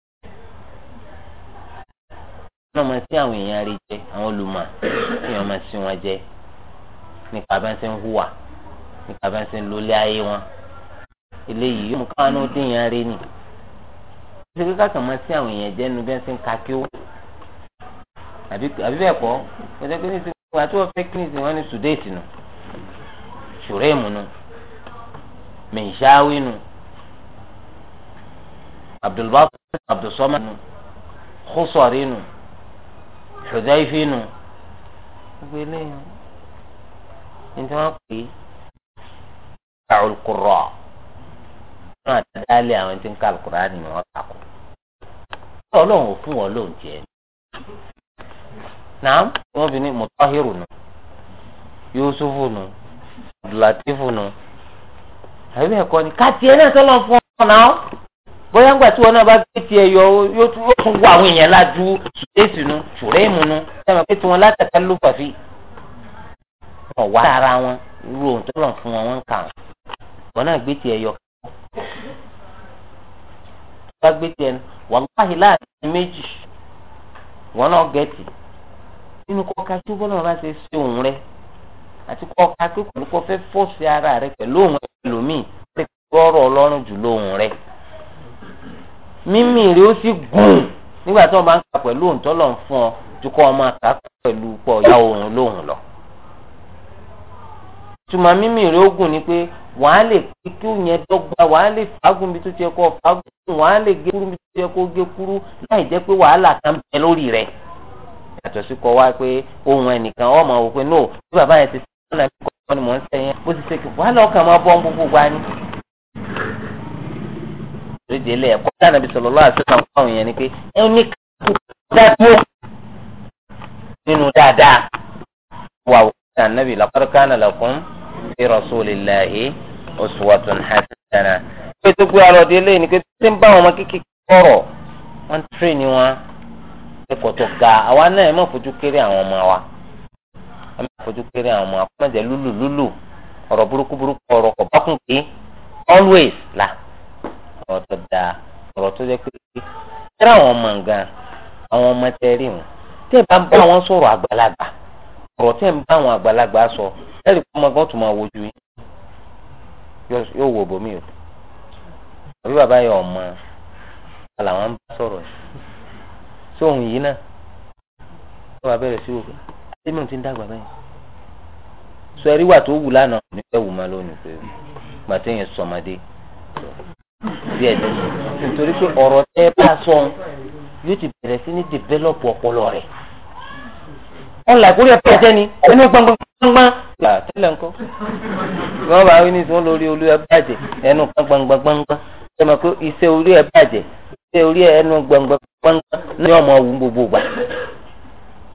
náà máa sí àwọn èèyàn rí jẹ àwọn olùmọ̀ èèyàn máa sí wọn jẹ nípa bá ń ṣe ń hùwà nípa bá ń ṣe ń lólé ayé wọn eléyìí yóò mú káwọn ó dín èèyàn rí nì ṣé kí kákan máa sí àwọn èèyàn jẹ nu bí wọ́n ń ka kí ó àbí bẹ́ẹ̀ kọ́ ọjọ́ pé ní ti tí wọ́n fẹ́ kí ní ti wọ́n sùdéètì nù ṣùrẹ́ẹ̀mù nù mẹ̀ṣáwí nù abdulbaba abdulsọ́mà nù kúsọ̀rí nù ṣọjá ìfínú gbogbo eléyìí ní tí wọ́n pè é ká olùkùrọ náà dálé àwọn tí ń ká olùkùrọ á nìyẹn wọ́n takò Ọlọ́run ò fún wọn lóun jẹ náà wọ́n fi ní mọtọhírù nù Yusufu nù Abdulatifu nù àbí ẹ̀kọ́ ni ká tiẹ̀ náà sọlọ fún ọ náà bóyá ńgbà tí wọn náà bá gbé tiẹ̀ yọ yóò tún wọ àwọn èèyàn lájú ṣùdẹ́sì nu ṣùrẹ́ẹ̀mù nu sẹ́wọ̀n pé tiwọn látàkà ló fàfi wọn wá ara wọn irú ohun tó ràn fún wọn wọn kà wọn náà gbé tiẹ̀ yọ. bá gbé tiẹ̀ nu wàláhì láàrin méjì wọn náà gẹ̀ẹ́tì nínú kọ́ka tí bọ́lá wọn bá ṣe ṣe òun rẹ àti kọ́ka pé kò ní kọ́ fẹ́ fọ́ọ̀sì ara rẹ pẹ̀lú òun ẹlòmíì pẹ̀lú ọ̀rọ̀ ọlọ́run jù mímì rẹ ó sì gùn nígbà tí wọn bá ń kà pẹ̀lú òǹtọ́ lọ ń fún ọ ju kọ́ ọmọ àká pẹ̀lú pọ̀ ya òun lóhùn lọ. ìtumọ̀ mímì rẹ ó gùn ni pé wàá lè kíkú yẹn dọ́gba wàá lè fàágùn bí tó ti yẹ kó fàágùn wàá lè gé kúrú bí tó ti yẹ kó gé kúrú láì jẹ́ pé wàhálà kan bẹ lórí rẹ̀. yàtọ̀ sí kọ wá pé ohun ẹnìkan ọmọ wò pé no bí bàbá yẹn ti sẹ́yìn lọ́nà ẹ̀kọ́ ni mò ń sẹ́yìn bó ti ṣe wàhálà ọkàn máa bọ́ gbogbo wa lóde ilé ẹ̀kọ́ dáná bí sọlọ lọ́wọ́ àti sọ̀rọ̀ fún àwọn yẹn ni pé ẹ ní káàkiri dáadúró nínú dáadáa wà wọ́n ní ànábì laqad kana lakum fi rasulillahi uswatun hasana. pé tó gbé arọ dé lé ni pé tí ń bá wọn ọmọ kékeré kọ̀rọ̀ wọ́n ń tírè ní ẹ̀kọ́ tó ga àwa náà ẹ̀ má fojú kéré àwọn ọmọ wa ẹ̀ má fojú kéré àwọn ọmọ wa kọ́mọ̀jẹ̀ always là ọ̀rọ̀ tó dáa ọ̀rọ̀ tó jẹ́ pé kíra àwọn ọmọ nǹkan àwọn ọmọ tẹ rí wọn tẹ bá ń bá wọn sọ̀rọ̀ àgbàlagbà ọ̀rọ̀ tẹ ń bá àwọn àgbàlagbà sọ ẹ̀rí kọ́ ọmọ gan tó máa wojú yín yóò wò bòmí o àbí bàbá yẹ ọmọ làwọn ń bá sọ̀rọ̀ sóhun yìí náà wọ́n bá bẹ̀rẹ̀ sí wò pé ṣé mi ò ti ń dàgbà báyìí sọ ẹ̀rí wà tó wù lánàá nípa ẹ̀wù máa lónìí pé gbàtẹ́yìn sọmọdé díẹ̀ díẹ̀ nítorí pé ọ̀rọ̀ tẹ́ bá sọ yóò ti bẹ̀rẹ̀ sí ní dìbẹ́lọ̀pù ọpọlọ rẹ̀ wọn là kúrẹ́ pẹ̀tẹ́ ni ẹni gbangbangbangba là tẹ́lẹ̀ ńkọ́ wọ́n bá wí ní sọ́n lórí olú ẹ bàjẹ́ ẹnu gbangbangbangba ṣe máa kó iṣẹ́ orí ẹ bàjẹ́ iṣẹ́ orí ẹnu gbangbangbangba ní ọmọ wù gbogbo gbà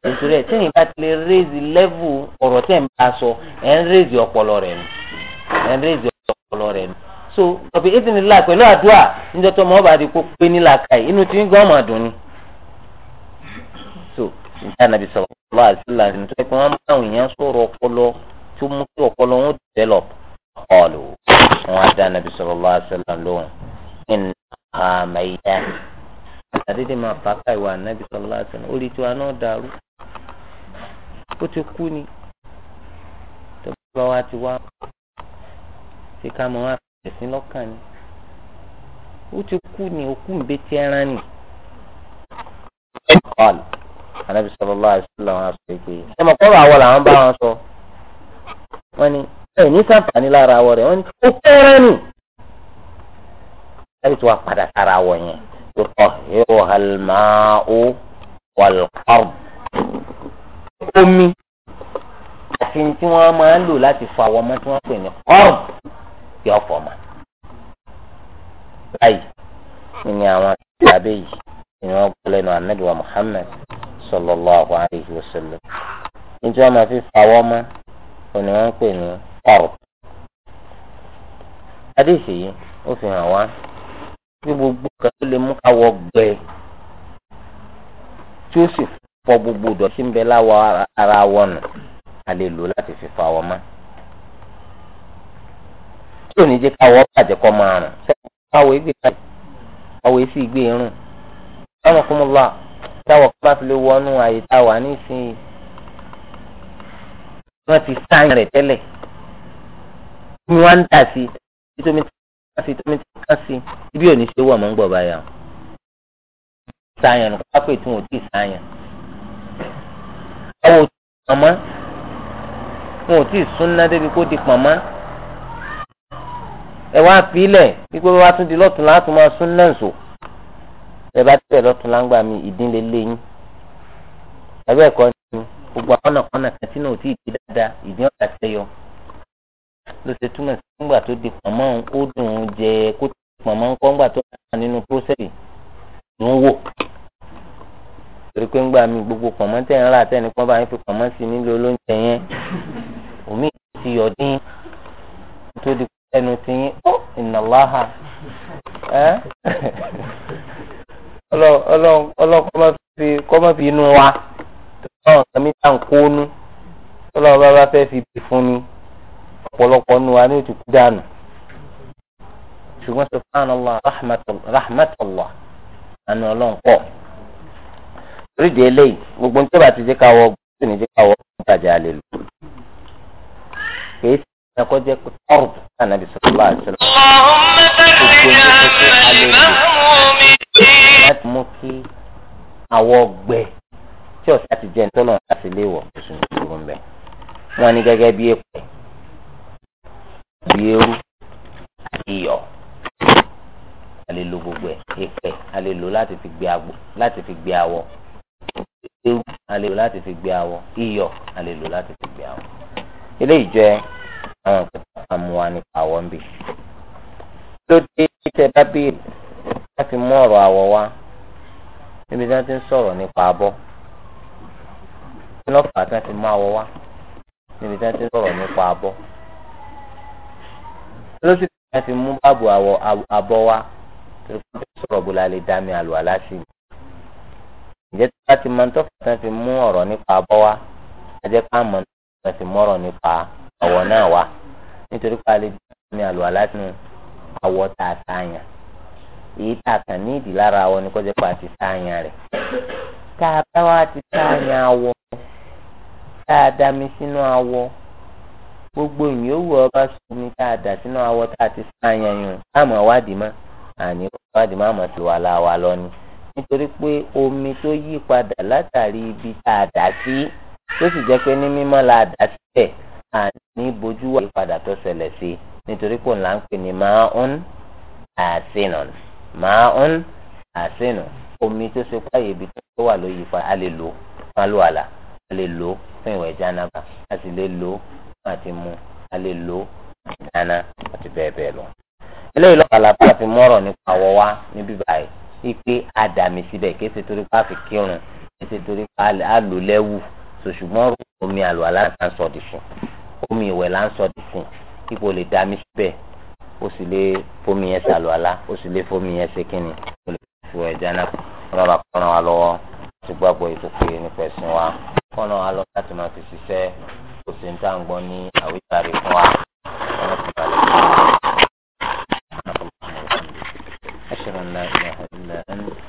nítorí ẹ tẹ́yìn bá tilẹ̀ rézì lẹ́vù ọ̀rọ̀ tẹ́ bá sọ ẹ̀ ń rézì ọpọlọ rẹ̀ ẹ̀ ń rézì ọpọlọ rẹ̀ ni so ọ̀bẹ ìdìnnìlá pẹ̀lú àdúrà níjọ́ tó mọ́ bá di kó pé nílà káyì inú tí ń gbọ́ máa dùn ni. so ìjà nàbì sallallahu alaihi wasallam ní tó yẹ kí wọ́n máa ń yàn sọ̀rọ̀ ọpọlọ tó mú kí ọpọlọ wọn develop ọ̀lù wọn á dá nàbì sallallahu alaihi wasallam lóhùn ìnà àmàyà àdédé máa fà ká ìwà nàbì sallallahu alaihi wasallam ó rí tiwa náà dàrú ó ti kú ni tó bá wa ti wá ṣe ká mọ wá ẹ̀sìn lọ́kàn ni ó ti kú ni òkú ń betí ẹran ni. ọ̀lù anábì sallallahu alaihi wasallam àwọn aṣọ ìgbé ẹ mọ̀ kọ́rọ̀ àwọ̀ làwọn bá wọn sọ wọ́n ní ẹ ní sàǹfààní lára àwọ̀ rẹ̀ wọ́n ní ó fẹ́ràn ni. láti tó wá padà sára àwọ̀ yẹn tó kọ́ hero halmao walqarb omi àti tí wọ́n máa ń lò láti fọ àwọn ọmọ tí wọ́n pè ní qurb. kí ọ̀fọ̀ mọ̀. báyìí ni àwọn àbẹ̀ yìí ni wọ́n gbọ́ lẹ́nu Ànábì wa sallallahu alayhi wa sallam. nítorí wọn máa fi fàwọ́ mọ́ òní wọn pè ní ọ̀rọ̀. adéṣe yìí ó fi hàn wá bí gbogbo kan tó lè mú káwọ gbẹ tí ó sì fọ gbogbo ń bẹ láwọ ara wọn nù lò láti fi tí ò ní jẹ́ káwọ́ bàjẹ́ kọ́ máa rùn sẹ́yìn káwọ́ ìgbé kalẹ̀ káwọ́ èsì ìgbé irun sọ́nà kún un lọ táwọ̀ bá fi lè wọnú àyè táwà nísìnyí wọ́n ti sáyìn rẹ̀ tẹ́lẹ̀ ni wọ́n ń dà sí títómi ká sí títómi ká sí ibi ò ní ṣe wọ̀ mọ́ ń gbọ̀ báyà sáyìn nǹkan pápẹ́ tí wọn ò tí ì sáyìn káwọ́ òtún pọ̀mọ́ wọn ò tí ì súnná débi kó di pọ̀mọ́ ẹ wá pílẹ̀ wípé wá tún di lọ́tún láti máa sún náà sò ẹ bá tẹ̀ lọ́tún láǹgbà mi ìdílé lẹ́yìn ẹgbẹ́ ẹ̀kọ́ ni gbogbo akọ́nàkọ́nà kan tí náà ò tí ì di dáadáa ìdí ọ̀tá sẹ́yọ ló ṣe túmọ̀ sí nígbà tó di pọ̀nmọ́ ó dùn ún jẹ kó pọ̀nmọ́ ń kọ́ ńgbà tó wà nínú pósẹ̀lì ló ń wò torí pé ńgbà mi gbogbo pọ̀nmọ́ tẹ̀ ń rà tẹ́ni pọ́n bá yín fi pọ̀nmọ́ sí nílò olóúnjẹ yẹn òmíì ti yọ̀ dín tó di ẹnu ti yín ó ìnàláha ọlọ́run kọ́mọ́ fi inú wa tọ́lọ́run kàmí tá à ń kónú tọ́lọ́run bá bá fẹ́ fi bì fún ni ọ̀pọ̀lọpọ̀ nu wa ní òtútù dànù ṣùgbọ́n subhanallah rahmatulah àna ọlọ́run pọ̀ orí de eléyìí gbogbo nítorí àti jẹ́ ká wọ ní jẹ́ ká wọ gbọ́dọ̀ lè lò kèé ẹ̀kọ́ jẹ́ ọ̀rùb ànábì sọ̀rọ̀ àṣẹlẹ̀. láti mú kí àwọ̀ ọgbẹ́ tí ọ̀sá ti jẹ́ nítorí ọ̀sá sì wọ̀ oṣù nìkúrú ń bẹ̀. wọ́n ní gẹ́gẹ́ bí èpè bí eérú iyọ̀ alẹ́ lo gbogbo ẹ̀ èpè alẹ́ lo láti fi gbé àwọ̀ eérú alẹ́ lo láti fi gbé àwọ̀ iyọ̀ alẹ́ lo láti fi gbé àwọ̀. eléyìí jẹ́ àwọn nǹkan kan mú wa nípa àwọ̀ ń bì. lóde tẹ bá béèrè láti mú ọ̀rọ̀ àwọ̀ wá níbi tí wọ́n ti ń sọ̀rọ̀ nípa abọ́ lọ́fà tí wọ́n ti mú àwọ̀ wá níbi tí wọ́n ti ń sọ̀rọ̀ nípa abọ́ lọ́sì tí wọ́n ti mú báàbò àwọ̀ abọ́ wá torí wọ́n ti sọ̀rọ̀ bó la lè dá mi àlò aláṣẹ yìí tí wọ́n ti máa ń tọ́fà tí wọ́n ti mú ọ̀rọ̀ nípa abọ́ wá ajẹ́ ká mọ̀ tí wọ́n ti mú ọ̀rọ̀ nípa ọ̀wọ̀ náà wá nítorí pé alẹ́ ní àlùwàlá ní àwọ̀ tá a sáyàn èyí tá a kàn ní ìdí lára àwọn ni kọjá pé a ti sáyàn rẹ̀ tá a bá wa ti sáyàn awọ tá a dá mi sínú awọ gbogbo ìyówó ọba sọmi tá a dà sínú awọ tá a ti sáyàn yùn àmọ́ wádìí mọ́ àní wádìí mọ́ àmọ́ ti wà láwa lọ ni nítorí pé omi tó yí padà látàrí ibi tá a dà sí tó sì jẹ́ pé ní mímọ́ la dà síbẹ̀ àní bojú wà ìpadà tó ṣẹlẹ̀ sí nítorí pò ńlá ń pè ní máa ń àṣìnà máa ń àṣìnà omi tó ṣe páyé ibi tó wà ló yí pa a lè lò fún alùwàlà a lè lò fún ìwẹ̀ jánábà a sì lè lò fún àti mu a lè lò fún ìdáná àti bẹ́ẹ̀ bẹ́ẹ̀ lọ. eléyìí lọ́kàn làbá àti mọ́rọ̀ nípa àwọ̀ wa níbí báyìí wípé a síbẹ̀ kí torí pa fi kírun èsì torí pa a lò lẹ́wù ṣùgbọ́n omi àlùwàlà kan sọ̀dì fún omi ìwẹ̀ là ń sọ dìsìn ipò lè dá mi síbẹ̀ ó sì lè fomi yẹn ṣàlùwàlá ó sì lè fomi yẹn ṣe kíni ó lè fi wẹ̀ jáná ọlọ́ba kọ́nà wa lọ́wọ́ ti gbàgbọ́ ìkókè nípa ẹ̀sìn wa kọ́nà wa lọ láti máa fi ṣiṣẹ́ kò sí ní tá à ń gbọ́ ní àwíjàre fún wa. أشهد أن لا إله إلا أنت